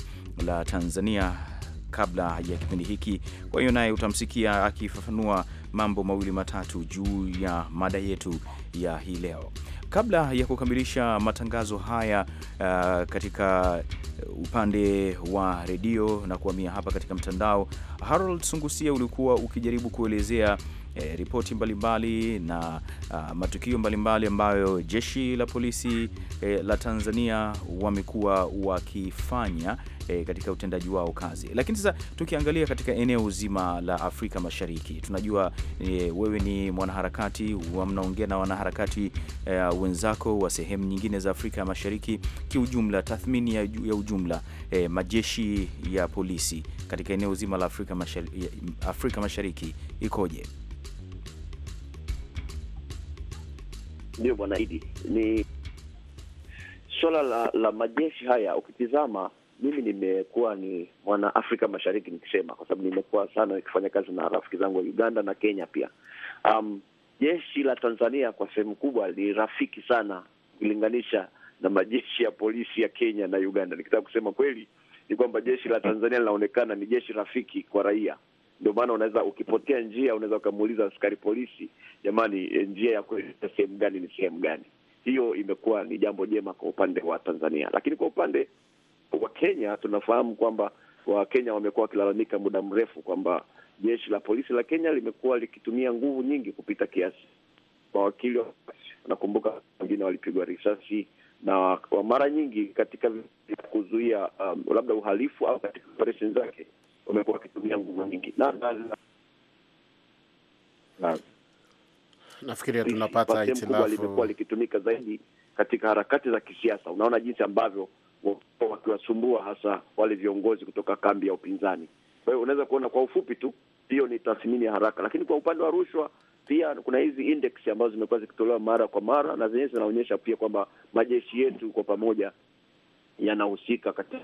la Tanzania kabla ya kipindi hiki. Kwa hiyo naye utamsikia akifafanua mambo mawili matatu juu ya mada yetu ya hii leo. Kabla ya kukamilisha matangazo haya uh, katika upande wa redio na kuhamia hapa katika mtandao, Harold Sungusia, ulikuwa ukijaribu kuelezea E, ripoti mbalimbali na a, uh, matukio mbalimbali ambayo jeshi la polisi e, la Tanzania wamekuwa wakifanya e, katika utendaji wao kazi. Lakini sasa tukiangalia katika eneo zima la Afrika Mashariki, tunajua e, wewe ni mwanaharakati, mnaongea na wanaharakati e, wenzako wa sehemu nyingine za Afrika Mashariki kiujumla, tathmini ya, ya ujumla e, majeshi ya polisi katika eneo zima la Afrika Mashariki, Afrika Mashariki ikoje? Ndio bwana Idi, ni swala la, la majeshi haya ukitizama mimi nimekuwa ni mwana Afrika Mashariki nikisema, kwa sababu nimekuwa sana nikifanya kazi na rafiki zangu wa Uganda na Kenya pia. Um, jeshi la Tanzania kwa sehemu kubwa ni rafiki sana ukilinganisha na majeshi ya polisi ya Kenya na Uganda. Nikitaka kusema kweli ni kwamba jeshi la Tanzania linaonekana ni jeshi rafiki kwa raia. Ndio maana unaweza ukipotea njia, unaweza ukamuuliza askari polisi, jamani, e, njia ya kuelekea sehemu gani ni sehemu gani? Hiyo imekuwa ni jambo jema kwa upande wa Tanzania, lakini kwa upande Wakenya tunafahamu kwamba Wakenya wamekuwa wakilalamika muda mrefu kwamba jeshi la polisi la Kenya limekuwa likitumia nguvu nyingi kupita kiasi. Mawakili wanakumbuka wengine walipigwa risasi na kwa mara nyingi katika kuzuia um, labda uhalifu au katika operesheni zake wamekuwa wakitumia nguvu nyingi na, na, na, na, nafikiria tunapata hitilafu limekuwa likitumika zaidi katika harakati za kisiasa. Unaona jinsi ambavyo wakiwasumbua hasa wale viongozi kutoka kambi ya upinzani. Kwa hiyo unaweza kuona kwa ufupi tu, hiyo ni tathmini ya haraka. Lakini kwa upande wa rushwa pia kuna hizi index ambazo zimekuwa zikitolewa mara kwa mara, na zenyewe zinaonyesha pia kwamba majeshi yetu kwa pamoja yanahusika katika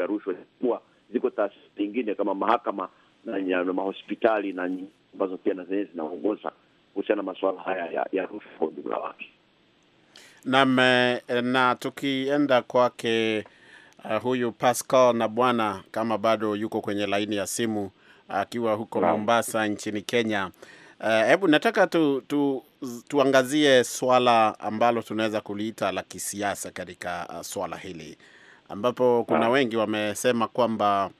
ya rushwa, kuwa ziko taasisi nyingine kama mahakama na mahospitali na ambazo pia na zenyewe zinaongoza kuhusiana na masuala haya ya, ya rushwa kwa ujumla wake. Nam eh, na tukienda kwake uh, huyu Pascal na bwana kama bado yuko kwenye laini ya simu akiwa uh, huko Mombasa nchini Kenya. Eh, hebu uh, nataka tu, tu, tuangazie swala ambalo tunaweza kuliita la kisiasa katika uh, swala hili ambapo kuna wengi wamesema kwamba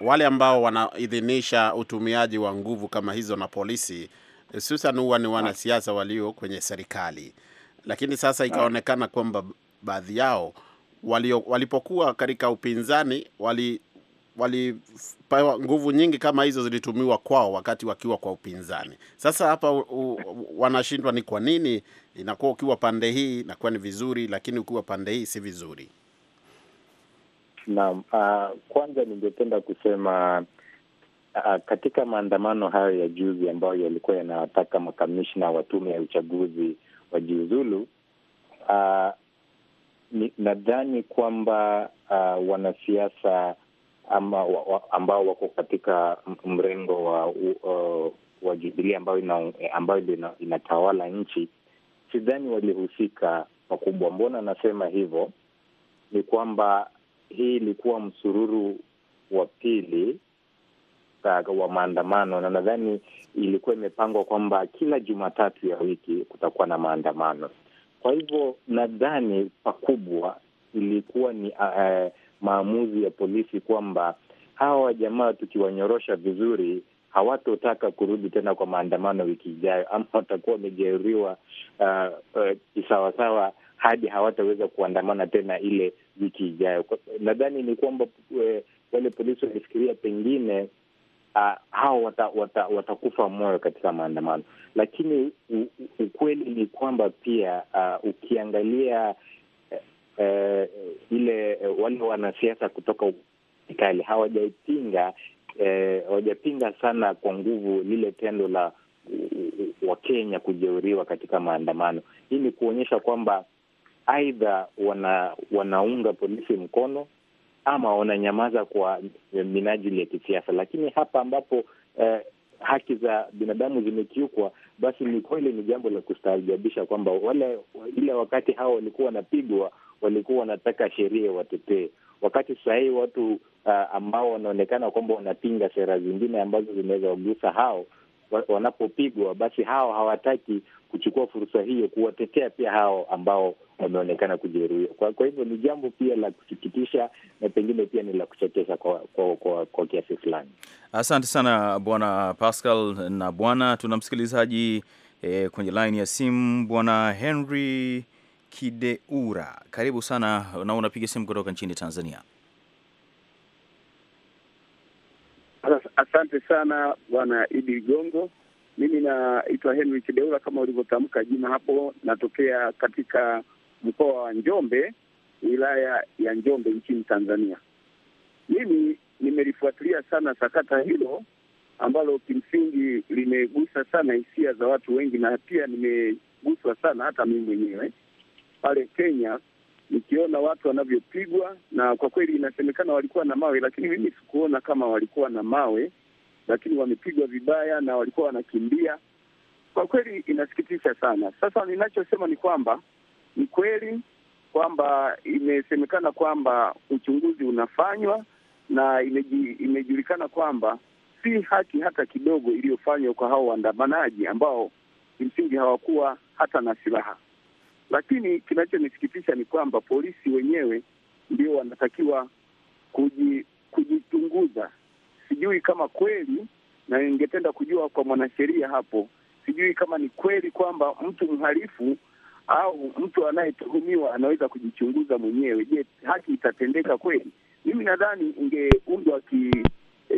wale ambao wanaidhinisha utumiaji wa nguvu kama hizo na polisi hususan huwa ni wanasiasa walio kwenye serikali lakini sasa ah. ikaonekana kwamba baadhi yao walio, walipokuwa katika upinzani wali walipewa nguvu nyingi kama hizo zilitumiwa kwao wakati wakiwa kwa upinzani. Sasa hapa wanashindwa ni kwa nini? Inakuwa ukiwa pande hii inakuwa ni vizuri, lakini ukiwa pande hii si vizuri. Naam, uh, kwanza ningependa kusema uh, katika maandamano hayo ya juzi ambayo yalikuwa yanawataka makamishna wa tume ya uchaguzi wajiuzulu, uh, nadhani kwamba uh, wanasiasa ama wa, wa, ambao wako katika mrengo wa uh, wa Jubilee ambayo ina, ambayo ina, inatawala nchi, sidhani walihusika pakubwa. Mbona anasema hivyo? Ni kwamba hii ilikuwa msururu wa pili wa maandamano, na nadhani ilikuwa imepangwa kwamba kila Jumatatu ya wiki kutakuwa na maandamano. Kwa hivyo nadhani pakubwa ilikuwa ni uh, maamuzi ya polisi kwamba hawa wajamaa tukiwanyorosha vizuri hawatotaka kurudi tena kwa maandamano wiki ijayo, ama watakuwa eh, kisawasawa uh, uh, hadi hawataweza kuandamana tena ile wiki ijayo. Nadhani ni kwamba uh, wale polisi walifikiria pengine uh, hao watakufa wata, wata moyo katika maandamano. Lakini ukweli ni kwamba pia uh, ukiangalia uh, uh, ile uh, wale wanasiasa kutoka serikali hawajapinga eh, hawajapinga uh, sana kwa nguvu lile tendo la Wakenya kujeuriwa katika maandamano. Hii ni kuonyesha kwamba aidha wana, wanaunga polisi mkono ama wananyamaza kwa minajili ya kisiasa. Lakini hapa ambapo eh, haki za binadamu zimekiukwa, basi ni kweli, ni jambo la kustaajabisha kwamba wale ile wakati hawa walikuwa wanapigwa walikuwa wanataka sheria watetee, wakati sasa watu uh, ambao wanaonekana kwamba wanapinga sera zingine ambazo zinaweza wagusa hao wanapopigwa, basi hao hawataki kuchukua fursa hiyo kuwatetea pia hao ambao wameonekana kujeruhiwa. Kwa, kwa hivyo ni jambo pia la kusikitisha na pengine pia ni la kuchekesha kwa, kwa, kwa, kwa kiasi fulani. Asante sana Bwana Pascal na bwana, tuna msikilizaji eh, kwenye laini ya simu Bwana Henry Kideura, karibu sana na unapiga simu kutoka nchini Tanzania. Asante sana bwana Idi Ligongo. Mimi naitwa Henry Kideula, kama ulivyotamka jina hapo, natokea katika mkoa wa Njombe, wilaya ya Njombe nchini Tanzania. Mimi nimelifuatilia sana sakata hilo ambalo kimsingi limegusa sana hisia za watu wengi, na pia nimeguswa sana hata mimi mwenyewe pale Kenya nikiona watu wanavyopigwa, na kwa kweli inasemekana walikuwa na mawe, lakini mimi sikuona kama walikuwa na mawe, lakini wamepigwa vibaya na walikuwa wanakimbia. Kwa kweli inasikitisha sana. Sasa ninachosema ni kwamba ni kweli kwamba imesemekana kwamba uchunguzi unafanywa na imeji, imejulikana kwamba si haki hata kidogo iliyofanywa kwa hao waandamanaji ambao kimsingi hawakuwa hata na silaha. Lakini kinachonisikitisha ni kwamba polisi wenyewe ndio wanatakiwa kuji, kujichunguza. Sijui kama kweli, na ingetenda kujua kwa mwanasheria hapo, sijui kama ni kweli kwamba mtu mhalifu au mtu anayetuhumiwa anaweza kujichunguza mwenyewe. Je, haki itatendeka kweli? Mimi nadhani ingeundwa ki e,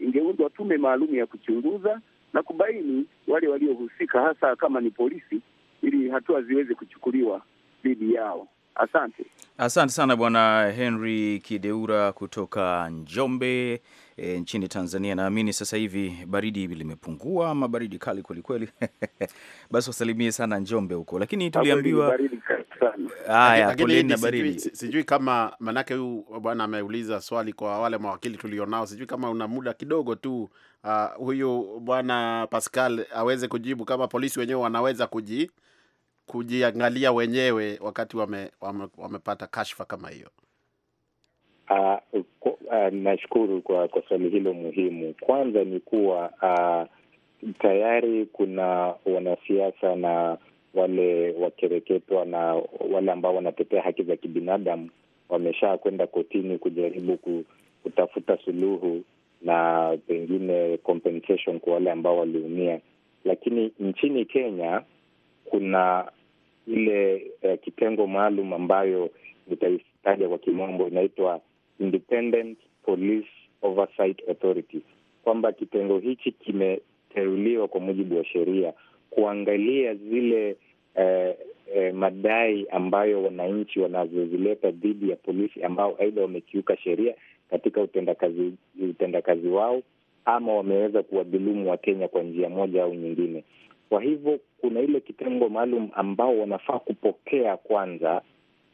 ingeundwa tume maalum ya kuchunguza na kubaini wale waliohusika, hasa kama ni polisi ili hatua ziweze kuchukuliwa dhidi yao. Asante, asante sana Bwana Henry Kideura kutoka Njombe e, nchini Tanzania. Naamini sasa hivi baridi limepungua ama baridi kali kwelikweli. Basi wasalimie sana Njombe huko, lakini tuliambiwa Sijui kama manake huyu bwana ameuliza swali kwa wale mawakili tulionao, sijui kama una muda kidogo tu uh, huyu bwana Pascal aweze kujibu kama polisi wenyewe wanaweza kuji kujiangalia wenyewe wakati wame, wame, wamepata kashfa kama hiyo? Uh, uh, nashukuru kwa kwa swali hilo muhimu. Kwanza ni kuwa uh, tayari kuna wanasiasa na wale wakereketwa na wale ambao wanatetea haki za kibinadamu wamesha kwenda kotini kujaribu kutafuta suluhu na pengine compensation kwa wale ambao waliumia, lakini nchini Kenya kuna ile uh, kitengo maalum ambayo nitaitaja kwa kimombo inaitwa Independent Police Oversight Authority, kwamba kitengo hichi kimeteuliwa kwa mujibu wa sheria kuangalia zile uh, uh, madai ambayo wananchi wanazozileta dhidi ya polisi ambao aidha wamekiuka sheria katika utendakazi utendakazi wao ama wameweza kuwadhulumu Wakenya kwa njia moja au nyingine. Kwa hivyo kuna ile kitengo maalum ambao wanafaa kupokea kwanza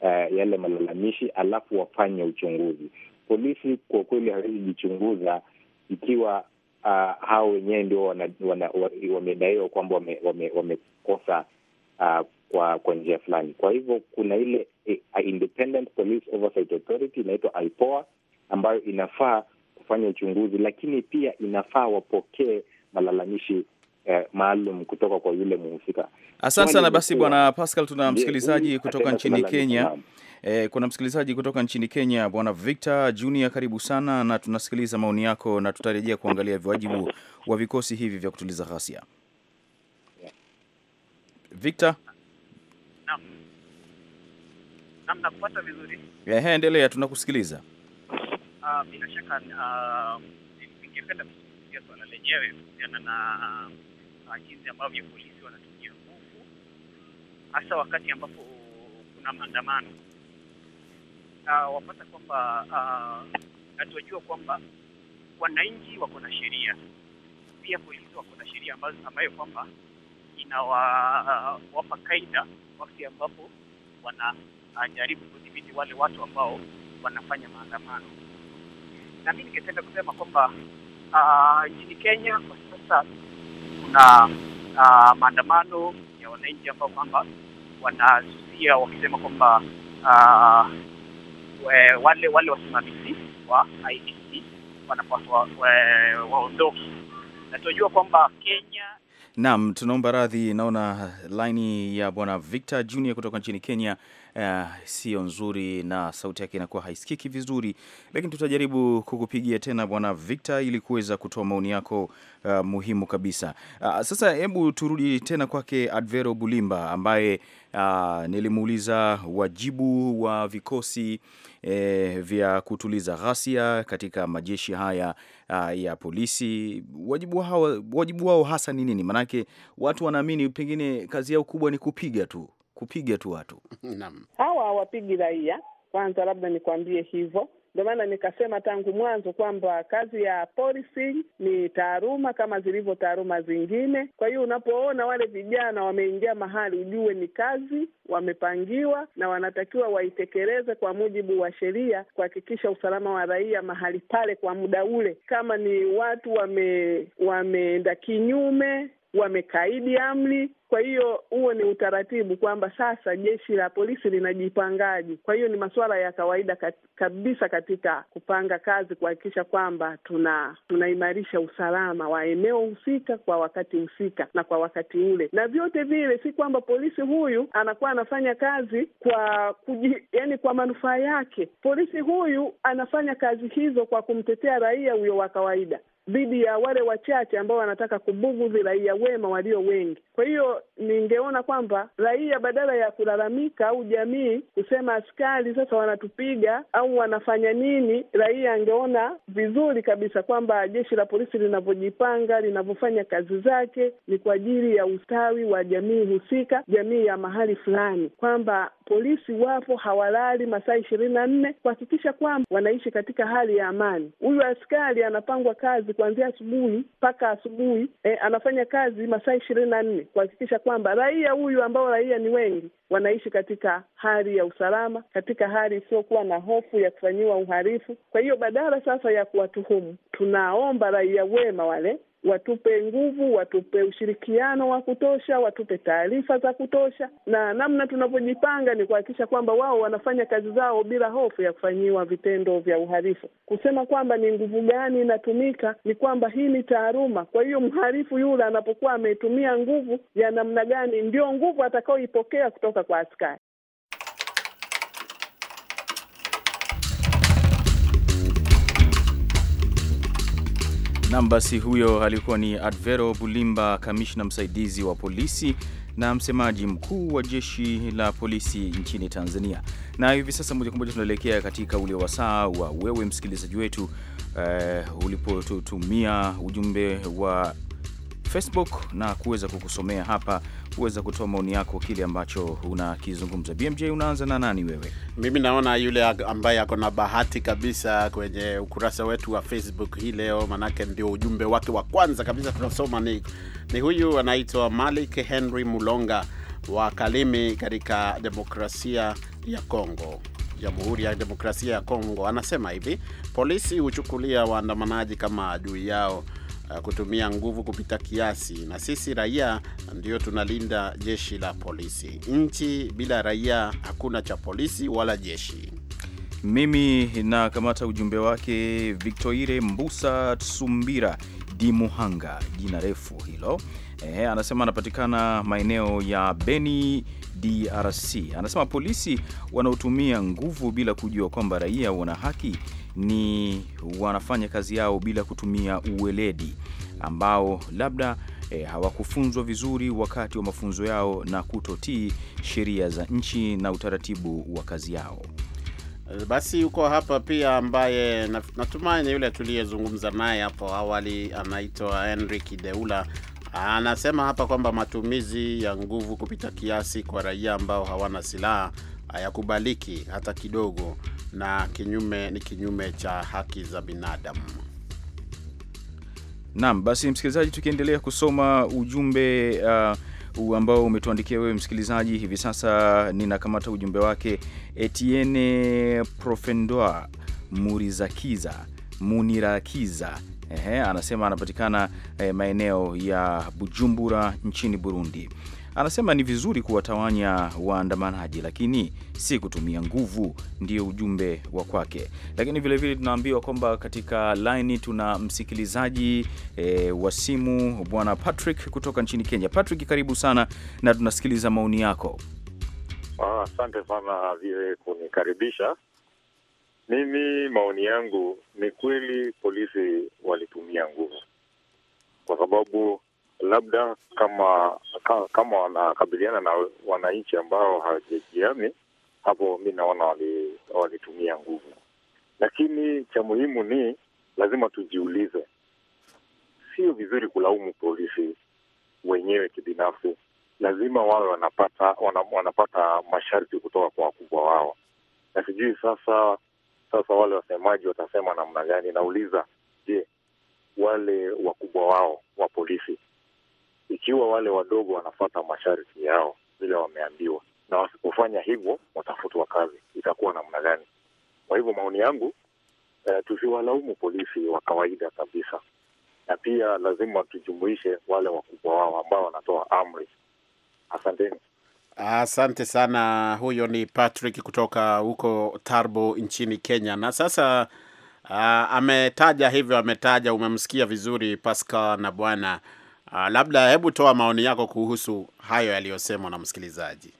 uh, yale malalamishi alafu wafanye uchunguzi. Polisi kwa kweli hawezi jichunguza ikiwa uh, hao wenyewe ndio wamedaiwa kwamba wamekosa wame, wame uh, kwa kwa njia fulani. Kwa hivyo kuna ile uh, Independent Police Oversight Authority inaitwa IPOA ambayo inafaa kufanya uchunguzi, lakini pia inafaa wapokee malalamishi eh, maalum kutoka kwa yule muhusika. Asante sana basi Bwana Pascal, tuna msikilizaji kutoka nchini Kenya. E, kuna msikilizaji kutoka nchini Kenya Bwana Victor Junior, karibu sana na tunasikiliza maoni yako na tutarejea kuangalia viwajibu wa vikosi hivi vya kutuliza ghasia. Victor, naam, naam, nakupata vizuri. Ehe, endelea, tunakusikiliza. Uh, bila shaka uh, ningependa kuzungumzia swala lenyewe kuhusiana na jinsi ambavyo polisi wanatumia nguvu hasa wakati ambapo kuna maandamano. Uh, wapata kwamba hatuwajua ah, uh, kwamba wananchi wako na sheria pia, polisi wako na sheria ambayo kwamba inawapa uh, kaida wakati ambapo wanajaribu uh, kudhibiti wale watu ambao wanafanya maandamano. Na mimi ningependa kusema kwamba uh, nchini Kenya kwa sasa na uh, ah, maandamano ya wananchi ambao kwamba wanazuia wakisema kwamba uh, wale wale wasimamizi wa IEC wanapaswa waondoke. Na tunajua kwamba Kenya Naam, tunaomba radhi. Naona laini ya Bwana Victor Junior kutoka nchini Kenya Eh, sio nzuri na sauti yake inakuwa haisikiki vizuri, lakini tutajaribu kukupigia tena Bwana Victor ili kuweza kutoa maoni yako uh, muhimu kabisa. Uh, sasa hebu turudi tena kwake Advero Bulimba ambaye uh, nilimuuliza wajibu wa vikosi eh, vya kutuliza ghasia katika majeshi haya uh, ya polisi, wajibu wao, wajibu wao hasa ni nini? Maanake watu wanaamini pengine kazi yao kubwa ni kupiga tu kupiga tu watu? Naam, hawa hawapigi raia. Kwanza labda nikwambie hivyo ndio maana nikasema tangu mwanzo kwamba kazi ya polisi ni taaruma kama zilivyo taaruma zingine. Kwa hiyo unapoona wale vijana wameingia mahali, ujue ni kazi wamepangiwa na wanatakiwa waitekeleze kwa mujibu wa sheria, kuhakikisha usalama wa raia mahali pale kwa muda ule. Kama ni watu wame wameenda kinyume wamekaidi amri. Kwa hiyo huo ni utaratibu kwamba sasa jeshi la polisi linajipangaje. Kwa hiyo ni masuala ya kawaida kat, kabisa katika kupanga kazi kuhakikisha kwamba tuna tunaimarisha usalama wa eneo husika kwa wakati husika na kwa wakati ule, na vyote vile si kwamba polisi huyu anakuwa anafanya kazi kwa kuji, yani kwa manufaa yake. Polisi huyu anafanya kazi hizo kwa kumtetea raia huyo wa kawaida dhidi ya wale wachache ambao wanataka kubugudhi raia wema walio wengi. Kwa hiyo ningeona kwamba raia badala ya kulalamika au jamii kusema askari sasa wanatupiga au wanafanya nini, raia angeona vizuri kabisa kwamba jeshi la polisi linavyojipanga, linavyofanya kazi zake ni kwa ajili ya ustawi wa jamii husika, jamii ya mahali fulani, kwamba polisi wapo, hawalali masaa ishirini na nne kuhakikisha kwamba wanaishi katika hali ya amani. Huyu askari anapangwa kazi kazi kuanzia asubuhi mpaka asubuhi eh, anafanya kazi masaa ishirini na nne kuhakikisha kwamba raia huyu ambao raia ni wengi wanaishi katika hali ya usalama, katika hali isiyokuwa na hofu ya kufanyiwa uhalifu. Kwa hiyo badala sasa ya kuwatuhumu, tunaomba raia wema wale watupe nguvu, watupe ushirikiano wa kutosha, watupe taarifa za kutosha, na namna tunavyojipanga ni kuhakikisha kwamba wao wanafanya kazi zao bila hofu ya kufanyiwa vitendo vya uhalifu. Kusema kwamba ni nguvu gani inatumika, ni kwamba hii ni taaluma. Kwa hiyo mhalifu yule anapokuwa ametumia nguvu ya namna gani, ndio nguvu atakayoipokea kutoka kwa askari. Nam, basi huyo alikuwa ni Advero Bulimba, kamishna msaidizi wa polisi na msemaji mkuu wa jeshi la polisi nchini Tanzania. Na hivi sasa moja kwa moja tunaelekea katika ule wasaa wa wewe msikilizaji wetu, uh, ulipotutumia ujumbe wa Facebook na kuweza kukusomea hapa, kuweza kutoa maoni yako kile ambacho unakizungumza. BMJ, unaanza na nani wewe? Mimi naona yule ambaye ako na bahati kabisa kwenye ukurasa wetu wa Facebook hii leo, manake ndio ujumbe wake wa kwanza kabisa tunasoma ni, ni huyu anaitwa Malik Henry Mulonga wa Kalimi katika demokrasia ya Kongo Jamhuri ya Demokrasia ya Kongo anasema hivi: polisi huchukulia waandamanaji kama adui yao Uh, kutumia nguvu kupita kiasi, na sisi raia ndio tunalinda jeshi la polisi. Nchi bila raia hakuna cha polisi wala jeshi. Mimi na kamata ujumbe wake Victoire Mbusa Tsumbira dimuhanga jina refu hilo. Eh, anasema anapatikana maeneo ya Beni DRC. Anasema polisi wanaotumia nguvu bila kujua kwamba raia wana haki ni wanafanya kazi yao bila kutumia uweledi ambao labda e, hawakufunzwa vizuri wakati wa mafunzo yao na kutotii sheria za nchi na utaratibu wa kazi yao. Eh, basi yuko hapa pia ambaye natumai ni yule tuliyezungumza naye hapo awali, anaitwa Henry Kideula. Anasema hapa kwamba matumizi ya nguvu kupita kiasi kwa raia ambao hawana silaha hayakubaliki hata kidogo, na kinyume ni kinyume cha haki za binadamu. Naam, basi msikilizaji, tukiendelea kusoma ujumbe uh, ambao umetuandikia wewe msikilizaji. Hivi sasa ninakamata ujumbe wake Etienne Profendoa Murizakiza Munirakiza. Ehe, anasema anapatikana eh, maeneo ya Bujumbura nchini Burundi. Anasema ni vizuri kuwatawanya waandamanaji, lakini si kutumia nguvu, ndio ujumbe wa kwake. Lakini vilevile tunaambiwa kwamba katika laini tuna msikilizaji e, wa simu Bwana Patrick kutoka nchini Kenya. Patrick, karibu sana na tunasikiliza maoni yako. Ah, asante ah, sana vile kunikaribisha. Mimi maoni yangu ni kweli polisi walitumia nguvu, kwa sababu labda kama kama wanakabiliana na wananchi ambao hawajajiami, hapo mi naona walitumia wali nguvu, lakini cha muhimu ni lazima tujiulize, sio vizuri kulaumu polisi wenyewe kibinafsi. Lazima wawe wanapata wana, wanapata masharti kutoka kwa wakubwa wao, na sijui sasa sasa wale wasemaji watasema namna gani? Nauliza, je, wale wakubwa wao wa polisi ikiwa wale wadogo wanafata masharti yao vile wameambiwa, na wasipofanya hivyo watafutwa kazi, itakuwa namna gani? Kwa hivyo maoni yangu eh, tusiwalaumu polisi wa kawaida kabisa, na pia lazima tujumuishe wale wakubwa wao ambao wanatoa amri. Asanteni. Asante sana. Huyo ni Patrick kutoka huko Tarbo nchini Kenya. Na sasa uh, ametaja hivyo, ametaja umemsikia vizuri Pascal na bwana Uh, labda hebu toa maoni yako kuhusu hayo yaliyosemwa na msikilizaji.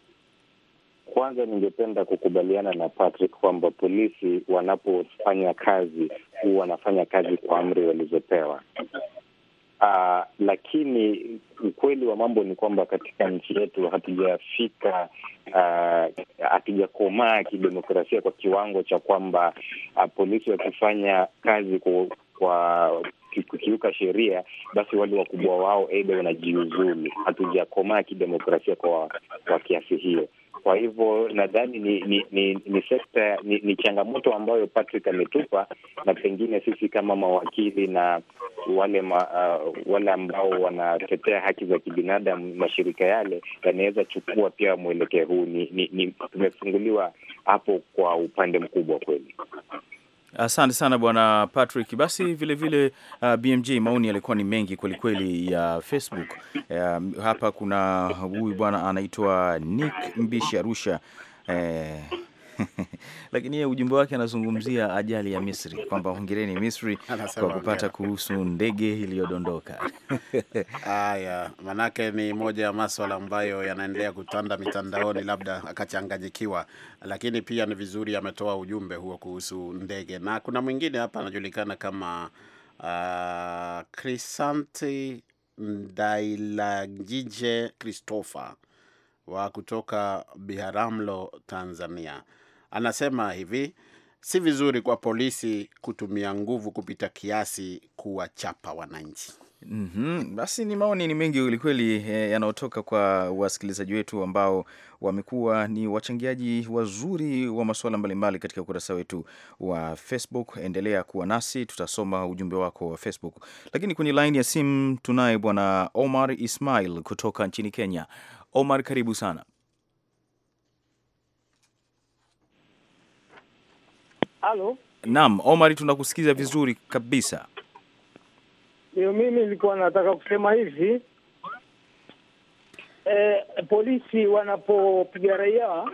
Kwanza ningependa kukubaliana na Patrick kwamba polisi wanapofanya kazi huwa wanafanya kazi kwa amri walizopewa. Uh, lakini ukweli wa mambo ni kwamba katika nchi yetu hatujafika, uh, hatujakomaa kidemokrasia kwa kiwango cha kwamba uh, polisi wakifanya kazi kwa, kwa kukiuka sheria, basi wale wakubwa wao aidha wanajiuzulu. Hatujakomaa kidemokrasia kwa, kwa kiasi hiyo. Kwa hivyo nadhani ni ni, ni ni sekta ni, ni changamoto ambayo Patrick ametupa, na pengine sisi kama mawakili na wale ma, uh, wale ambao wanatetea haki za kibinadamu, mashirika yale yanaweza chukua pia mwelekeo huu. Ni, ni, ni tumefunguliwa hapo kwa upande mkubwa kweli. Asante sana bwana Patrick. Basi vilevile vile, uh, BMJ maoni yalikuwa ni mengi kwelikweli ya Facebook. Uh, hapa kuna huyu bwana anaitwa Nick Mbishi Arusha. Uh, lakini yeye ujumbe wake anazungumzia ajali ya Misri, kwamba hongereni Misri kwa kupata kuhusu ndege iliyodondoka. Haya, manake ni moja ya maswala ambayo yanaendelea kutanda mitandaoni, labda akachanganyikiwa, lakini pia ni vizuri ametoa ujumbe huo kuhusu ndege. Na kuna mwingine hapa anajulikana kama uh, ah, Krisanti Ndailagije Christopher wa kutoka biharamlo Tanzania. Anasema hivi, si vizuri kwa polisi kutumia nguvu kupita kiasi kuwachapa wananchi. Mm -hmm. Basi ni maoni ni mengi kwelikweli eh, yanayotoka kwa wasikilizaji wetu ambao wamekuwa ni wachangiaji wazuri wa masuala mbalimbali katika ukurasa wetu wa Facebook. Endelea kuwa nasi, tutasoma ujumbe wako wa Facebook. Lakini kwenye laini ya simu tunaye Bwana Omar Ismail kutoka nchini Kenya. Omar, karibu sana. Halo. Naam, Omari, tunakusikiza vizuri kabisa. Ndio, mimi nilikuwa nataka kusema hivi e, polisi wanapopiga raia,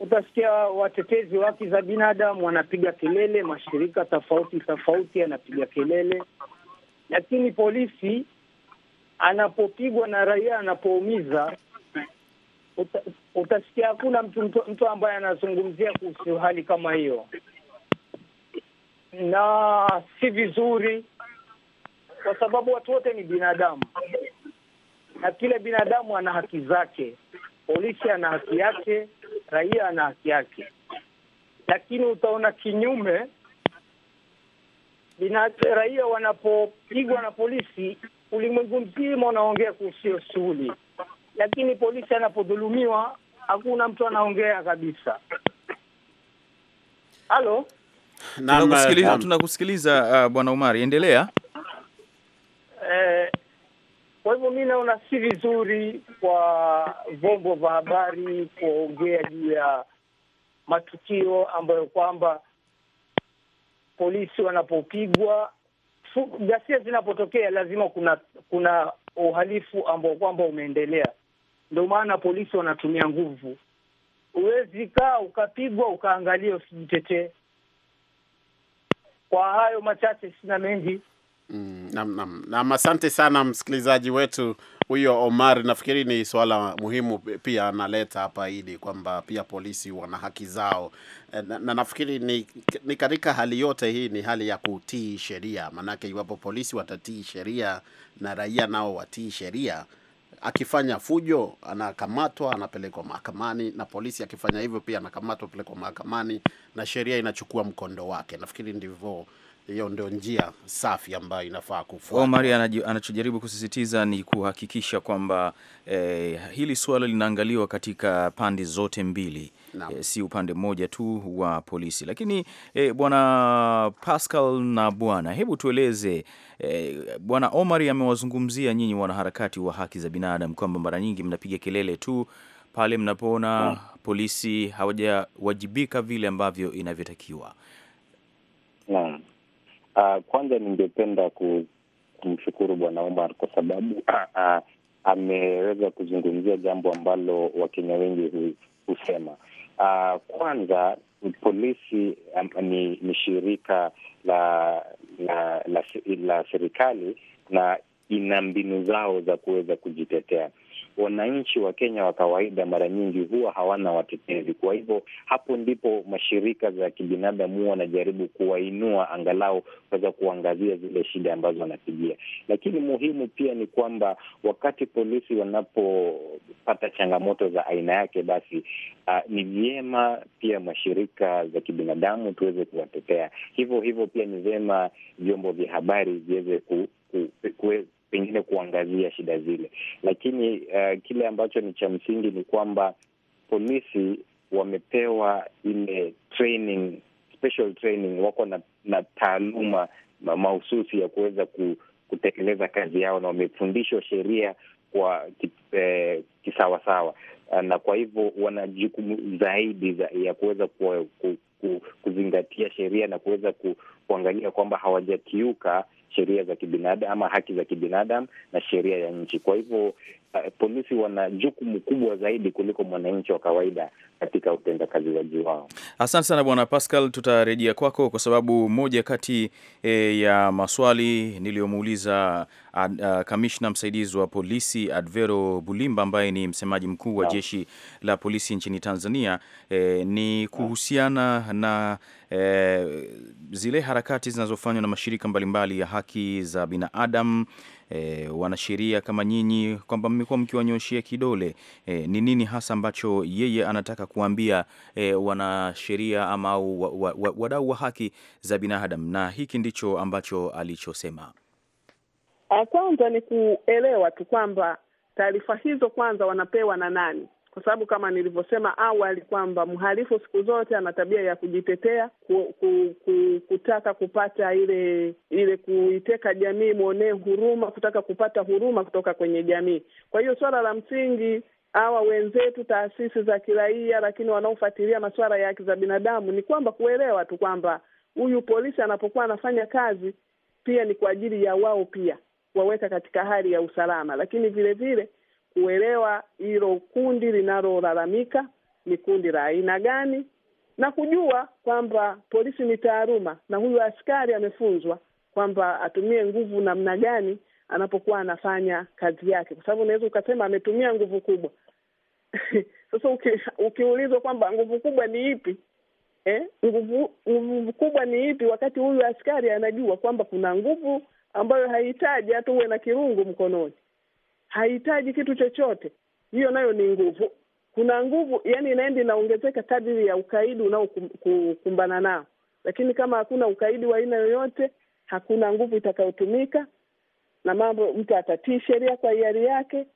utasikia watetezi wa haki za binadamu wanapiga kelele, mashirika tofauti tofauti yanapiga kelele, lakini polisi anapopigwa na raia, anapoumiza uta, utasikia hakuna mtu, mtu, ambaye anazungumzia kuhusu hali kama hiyo, na si vizuri, kwa sababu watu wote ni binadamu na kila binadamu ana haki zake. Polisi ana haki yake, raia ana haki yake, lakini utaona kinyume Bina, raia wanapopigwa na polisi, ulimwengu mzima unaongea kuhusu hiyo shughuli lakini polisi anapodhulumiwa hakuna mtu anaongea kabisa. Halo, tunakusikiliza, tunakusikiliza uh, bwana Umari, endelea. Eh, kwa hivyo mi naona si vizuri kwa vyombo vya habari kuongea juu ya matukio ambayo kwamba polisi wanapopigwa, ghasia zinapotokea, lazima kuna kuna uhalifu ambao kwamba umeendelea. Ndio maana polisi wanatumia nguvu. Huwezi kaa ukapigwa ukaangalia usijitetee. Kwa hayo machache, sina mengi. Mm, nam, nam, Asante sana msikilizaji wetu huyo Omar. Nafikiri ni swala muhimu pia analeta hapa Idi, kwamba pia polisi wana haki zao, eh, na, na nafikiri ni, ni katika hali yote hii ni hali ya kutii sheria, maanake iwapo polisi watatii sheria na raia nao watii sheria akifanya fujo anakamatwa, anapelekwa mahakamani, na polisi akifanya hivyo pia anakamatwa, apelekwa mahakamani, na sheria inachukua mkondo wake. Nafikiri ndivyo hiyo ndio njia safi ambayo inafaa kufuata. Omari anachojaribu kusisitiza ni kuhakikisha kwamba eh, hili suala linaangaliwa katika pande zote mbili eh, si upande mmoja tu wa polisi. Lakini eh, bwana Pascal na bwana, hebu tueleze E, Bwana Omari amewazungumzia nyinyi wanaharakati wa haki za binadamu kwamba mara nyingi mnapiga kelele tu pale mnapoona hmm, polisi hawajawajibika vile ambavyo inavyotakiwa. Naam. Uh, kwanza ningependa kumshukuru Bwana Omar kwa sababu ah, ah, ameweza kuzungumzia jambo ambalo Wakenya wengi husema. Uh, kwanza polisi um, ni, ni shirika la la, la, la serikali na ina mbinu zao za kuweza kujitetea wananchi wa Kenya wa kawaida mara nyingi huwa hawana watetezi. Kwa hivyo hapo ndipo mashirika za kibinadamu huwa wanajaribu kuwainua, angalau kuweza kuangazia zile shida ambazo wanapigia. Lakini muhimu pia ni kwamba wakati polisi wanapopata changamoto za aina yake, basi uh, ni vyema pia mashirika za kibinadamu tuweze kuwatetea. Hivyo hivyo pia ni vyema vyombo vya habari viweze ku, ku, ku, pengine kuangazia shida zile, lakini uh, kile ambacho ni cha msingi ni kwamba polisi wamepewa ile training, special training, wako na, na taaluma mahususi ya kuweza ku, kutekeleza kazi yao na wamefundishwa sheria kwa eh, kisawasawa, eh, na kwa hivyo wana jukumu zaidi za, ya kuweza ku, ku, ku, kuzingatia sheria na kuweza ku, kuangalia kwamba hawajakiuka sheria za kibinadamu ama haki za kibinadamu na sheria ya nchi. Kwa hivyo Eh, polisi wana jukumu kubwa zaidi kuliko mwananchi wa kawaida katika utendakazi waji wao. Asante sana Bwana Pascal, tutarejea kwako kwa sababu moja kati e, ya maswali niliyomuuliza ah, ah, kamishna msaidizi wa polisi Advero Bulimba ambaye ni msemaji mkuu wa jeshi la polisi nchini Tanzania e, ni kuhusiana na e, zile harakati zinazofanywa na mashirika mbalimbali ya haki za binadamu e, wanasheria kama nyinyi kwamba mmekuwa mkiwanyoshia kidole e, ni nini hasa ambacho yeye anataka kuambia e, wanasheria ama au wadau wa, wa, wadau wa haki za binadamu, na hiki ndicho ambacho alichosema. Kwanza ni kuelewa tu kwamba taarifa hizo kwanza wanapewa na nani kwa sababu kama nilivyosema awali kwamba mhalifu siku zote ana tabia ya kujitetea ku, ku, ku, kutaka kupata ile ile kuiteka jamii, mwonee huruma, kutaka kupata huruma kutoka kwenye jamii. Kwa hiyo suala la msingi hawa wenzetu taasisi za kiraia, lakini wanaofuatilia masuala ya haki za binadamu ni kwamba kuelewa tu kwamba huyu polisi anapokuwa anafanya kazi pia ni kwa ajili ya wao pia waweka katika hali ya usalama, lakini vilevile vile, kuelewa hilo kundi linalolalamika ni kundi la aina gani, na kujua kwamba polisi ni taaluma na huyu askari amefunzwa kwamba atumie nguvu namna gani anapokuwa anafanya kazi yake, kwa sababu unaweza ukasema ametumia nguvu kubwa. Sasa uki, ukiulizwa kwamba nguvu kubwa ni ipi eh? nguvu, nguvu kubwa ni ipi, wakati huyu askari anajua kwamba kuna nguvu ambayo haihitaji hata uwe na kirungu mkononi haihitaji kitu chochote. Hiyo nayo ni nguvu. Kuna nguvu, yani inaenda inaongezeka kadiri ya ukaidi unaokumbana nao, lakini kama hakuna ukaidi wa aina yoyote, hakuna nguvu itakayotumika na mambo, mtu atatii sheria kwa hiari yake.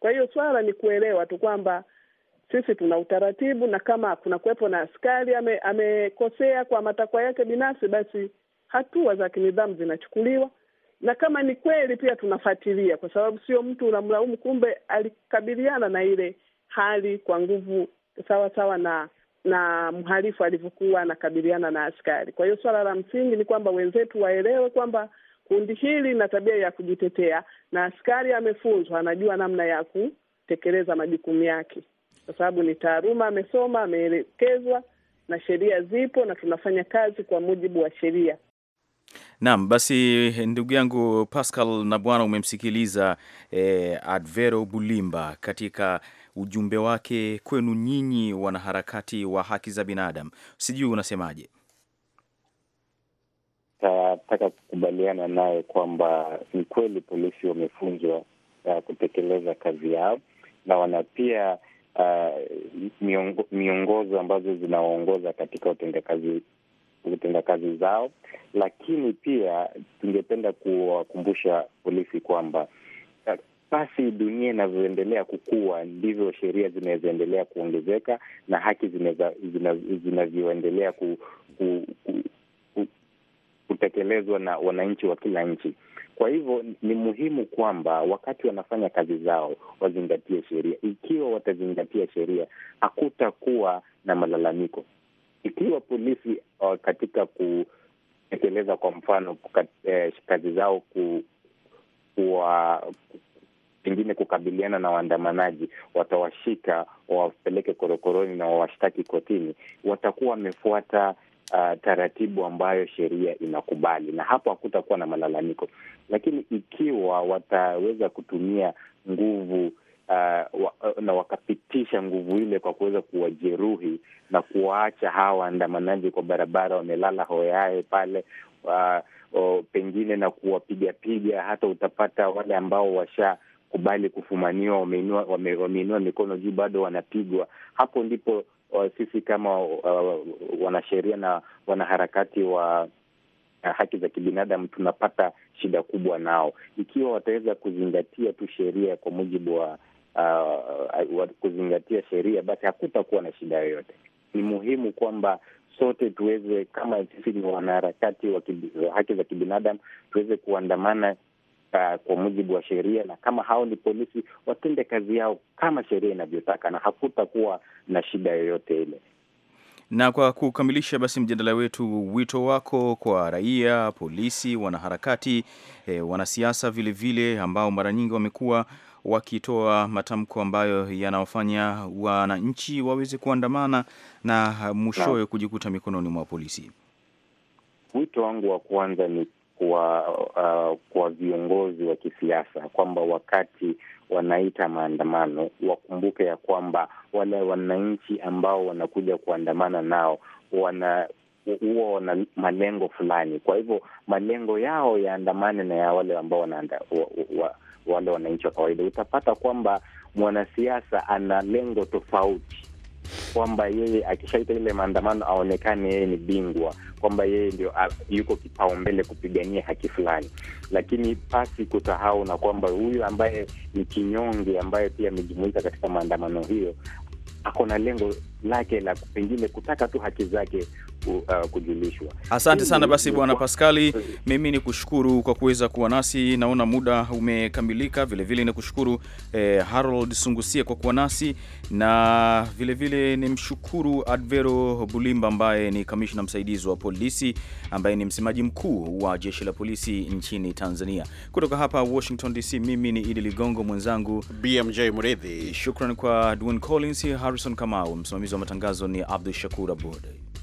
Kwa hiyo swala ni kuelewa tu kwamba sisi tuna utaratibu, na kama kuna kuwepo na askari amekosea ame kwa matakwa yake binafsi, basi hatua za kinidhamu zinachukuliwa na kama ni kweli pia tunafuatilia, kwa sababu sio mtu unamlaumu, kumbe alikabiliana na ile hali kwa nguvu sawa sawa na na mhalifu alivyokuwa anakabiliana na askari. Kwa hiyo swala la msingi ni kwamba wenzetu waelewe kwamba kundi hili na tabia ya kujitetea, na askari amefunzwa, anajua namna ya kutekeleza majukumu yake, kwa sababu ni taaluma, amesoma, ameelekezwa, na sheria zipo, na tunafanya kazi kwa mujibu wa sheria. Naam, basi ndugu yangu Pascal na bwana, umemsikiliza eh, Advero Bulimba katika ujumbe wake kwenu nyinyi wanaharakati wa haki za binadamu. Sijui unasemaje? Nataka kukubaliana naye kwamba ni kweli polisi wamefunzwa uh, kutekeleza kazi yao na wana pia uh, miongo, miongozo ambazo zinawaongoza katika utendakazi kutenda kazi zao, lakini pia tungependa kuwakumbusha polisi kwamba basi eh, dunia inavyoendelea kukua ndivyo sheria zinazoendelea kuongezeka na haki zinavyoendelea ku, ku, ku, ku, kutekelezwa na wananchi wa kila nchi. Kwa hivyo ni muhimu kwamba wakati wanafanya kazi zao wazingatie sheria. Ikiwa watazingatia sheria, hakutakuwa na malalamiko ikiwa polisi uh, katika kutekeleza kwa mfano eh, kazi zao ku, kuwa pengine kukabiliana na waandamanaji, watawashika wawapeleke korokoroni na wawashtaki kotini, watakuwa wamefuata uh, taratibu ambayo sheria inakubali, na hapo hakutakuwa na malalamiko. Lakini ikiwa wataweza kutumia nguvu uh, wa, uh, na wakapitisha nguvu ile kwa kuweza kuwajeruhi na kuwaacha hawa waandamanaji kwa barabara wamelala hoyae pale uh, O, oh, pengine na kuwapigapiga hata utapata wale ambao washakubali kufumaniwa wameinua mikono juu bado wanapigwa. Hapo ndipo uh, sisi kama uh, wanasheria na wanaharakati wa uh, haki za kibinadamu tunapata shida kubwa nao, ikiwa wataweza kuzingatia tu sheria kwa mujibu wa uh, uh kuzingatia sheria, basi hakutakuwa na shida yoyote. Ni muhimu kwamba sote tuweze, kama sisi ni wanaharakati wa haki za kibinadamu, tuweze kuandamana Uh, kwa mujibu wa sheria na kama hao ni polisi watende kazi yao kama sheria inavyotaka, na hakutakuwa na shida yoyote ile. Na kwa kukamilisha basi mjadala wetu, wito wako kwa raia, polisi, wanaharakati, eh, wanasiasa vilevile ambao mara nyingi wamekuwa wakitoa matamko ambayo yanawafanya wananchi waweze kuandamana na mwishowe kujikuta mikononi mwa polisi. Wito wangu wa kwanza ni kwa, uh, kwa viongozi wa kisiasa kwamba wakati wanaita maandamano wakumbuke ya kwamba wale wananchi ambao wanakuja kuandamana nao wana huwa wana malengo fulani. Kwa hivyo malengo yao yaandamane na ya wale ambao wanaanda, wa, wa, wale wananchi wa kawaida, utapata kwamba mwanasiasa ana lengo tofauti kwamba yeye akishaita ile maandamano aonekane yeye ni bingwa, kwamba yeye ndio yuko kipaumbele kupigania haki fulani, lakini pasi kusahau na kwamba huyu ambaye ni kinyonge, ambaye pia amejumuika katika maandamano hiyo, ako na lengo lake la pengine kutaka tu haki zake Uh, kujulishwa. Asante sana basi Bwana Paskali, eh. mimi ni kushukuru kwa kuweza kuwa nasi. Naona muda umekamilika, vilevile kushukuru eh, Harold Sungusia kwa kuwa nasi na vilevile mshukuru Advero Bulimba ambaye ni kamishna msaidizi wa polisi ambaye ni msemaji mkuu wa jeshi la polisi nchini Tanzania. Kutoka hapa Washington DC, mimi ni Idi Ligongo, mwenzangu BMJ Mridhi. Shukran kwa Dwin Collins, Harrison Kamau, msimamizi wa matangazo ni Abdu Shakur Abud.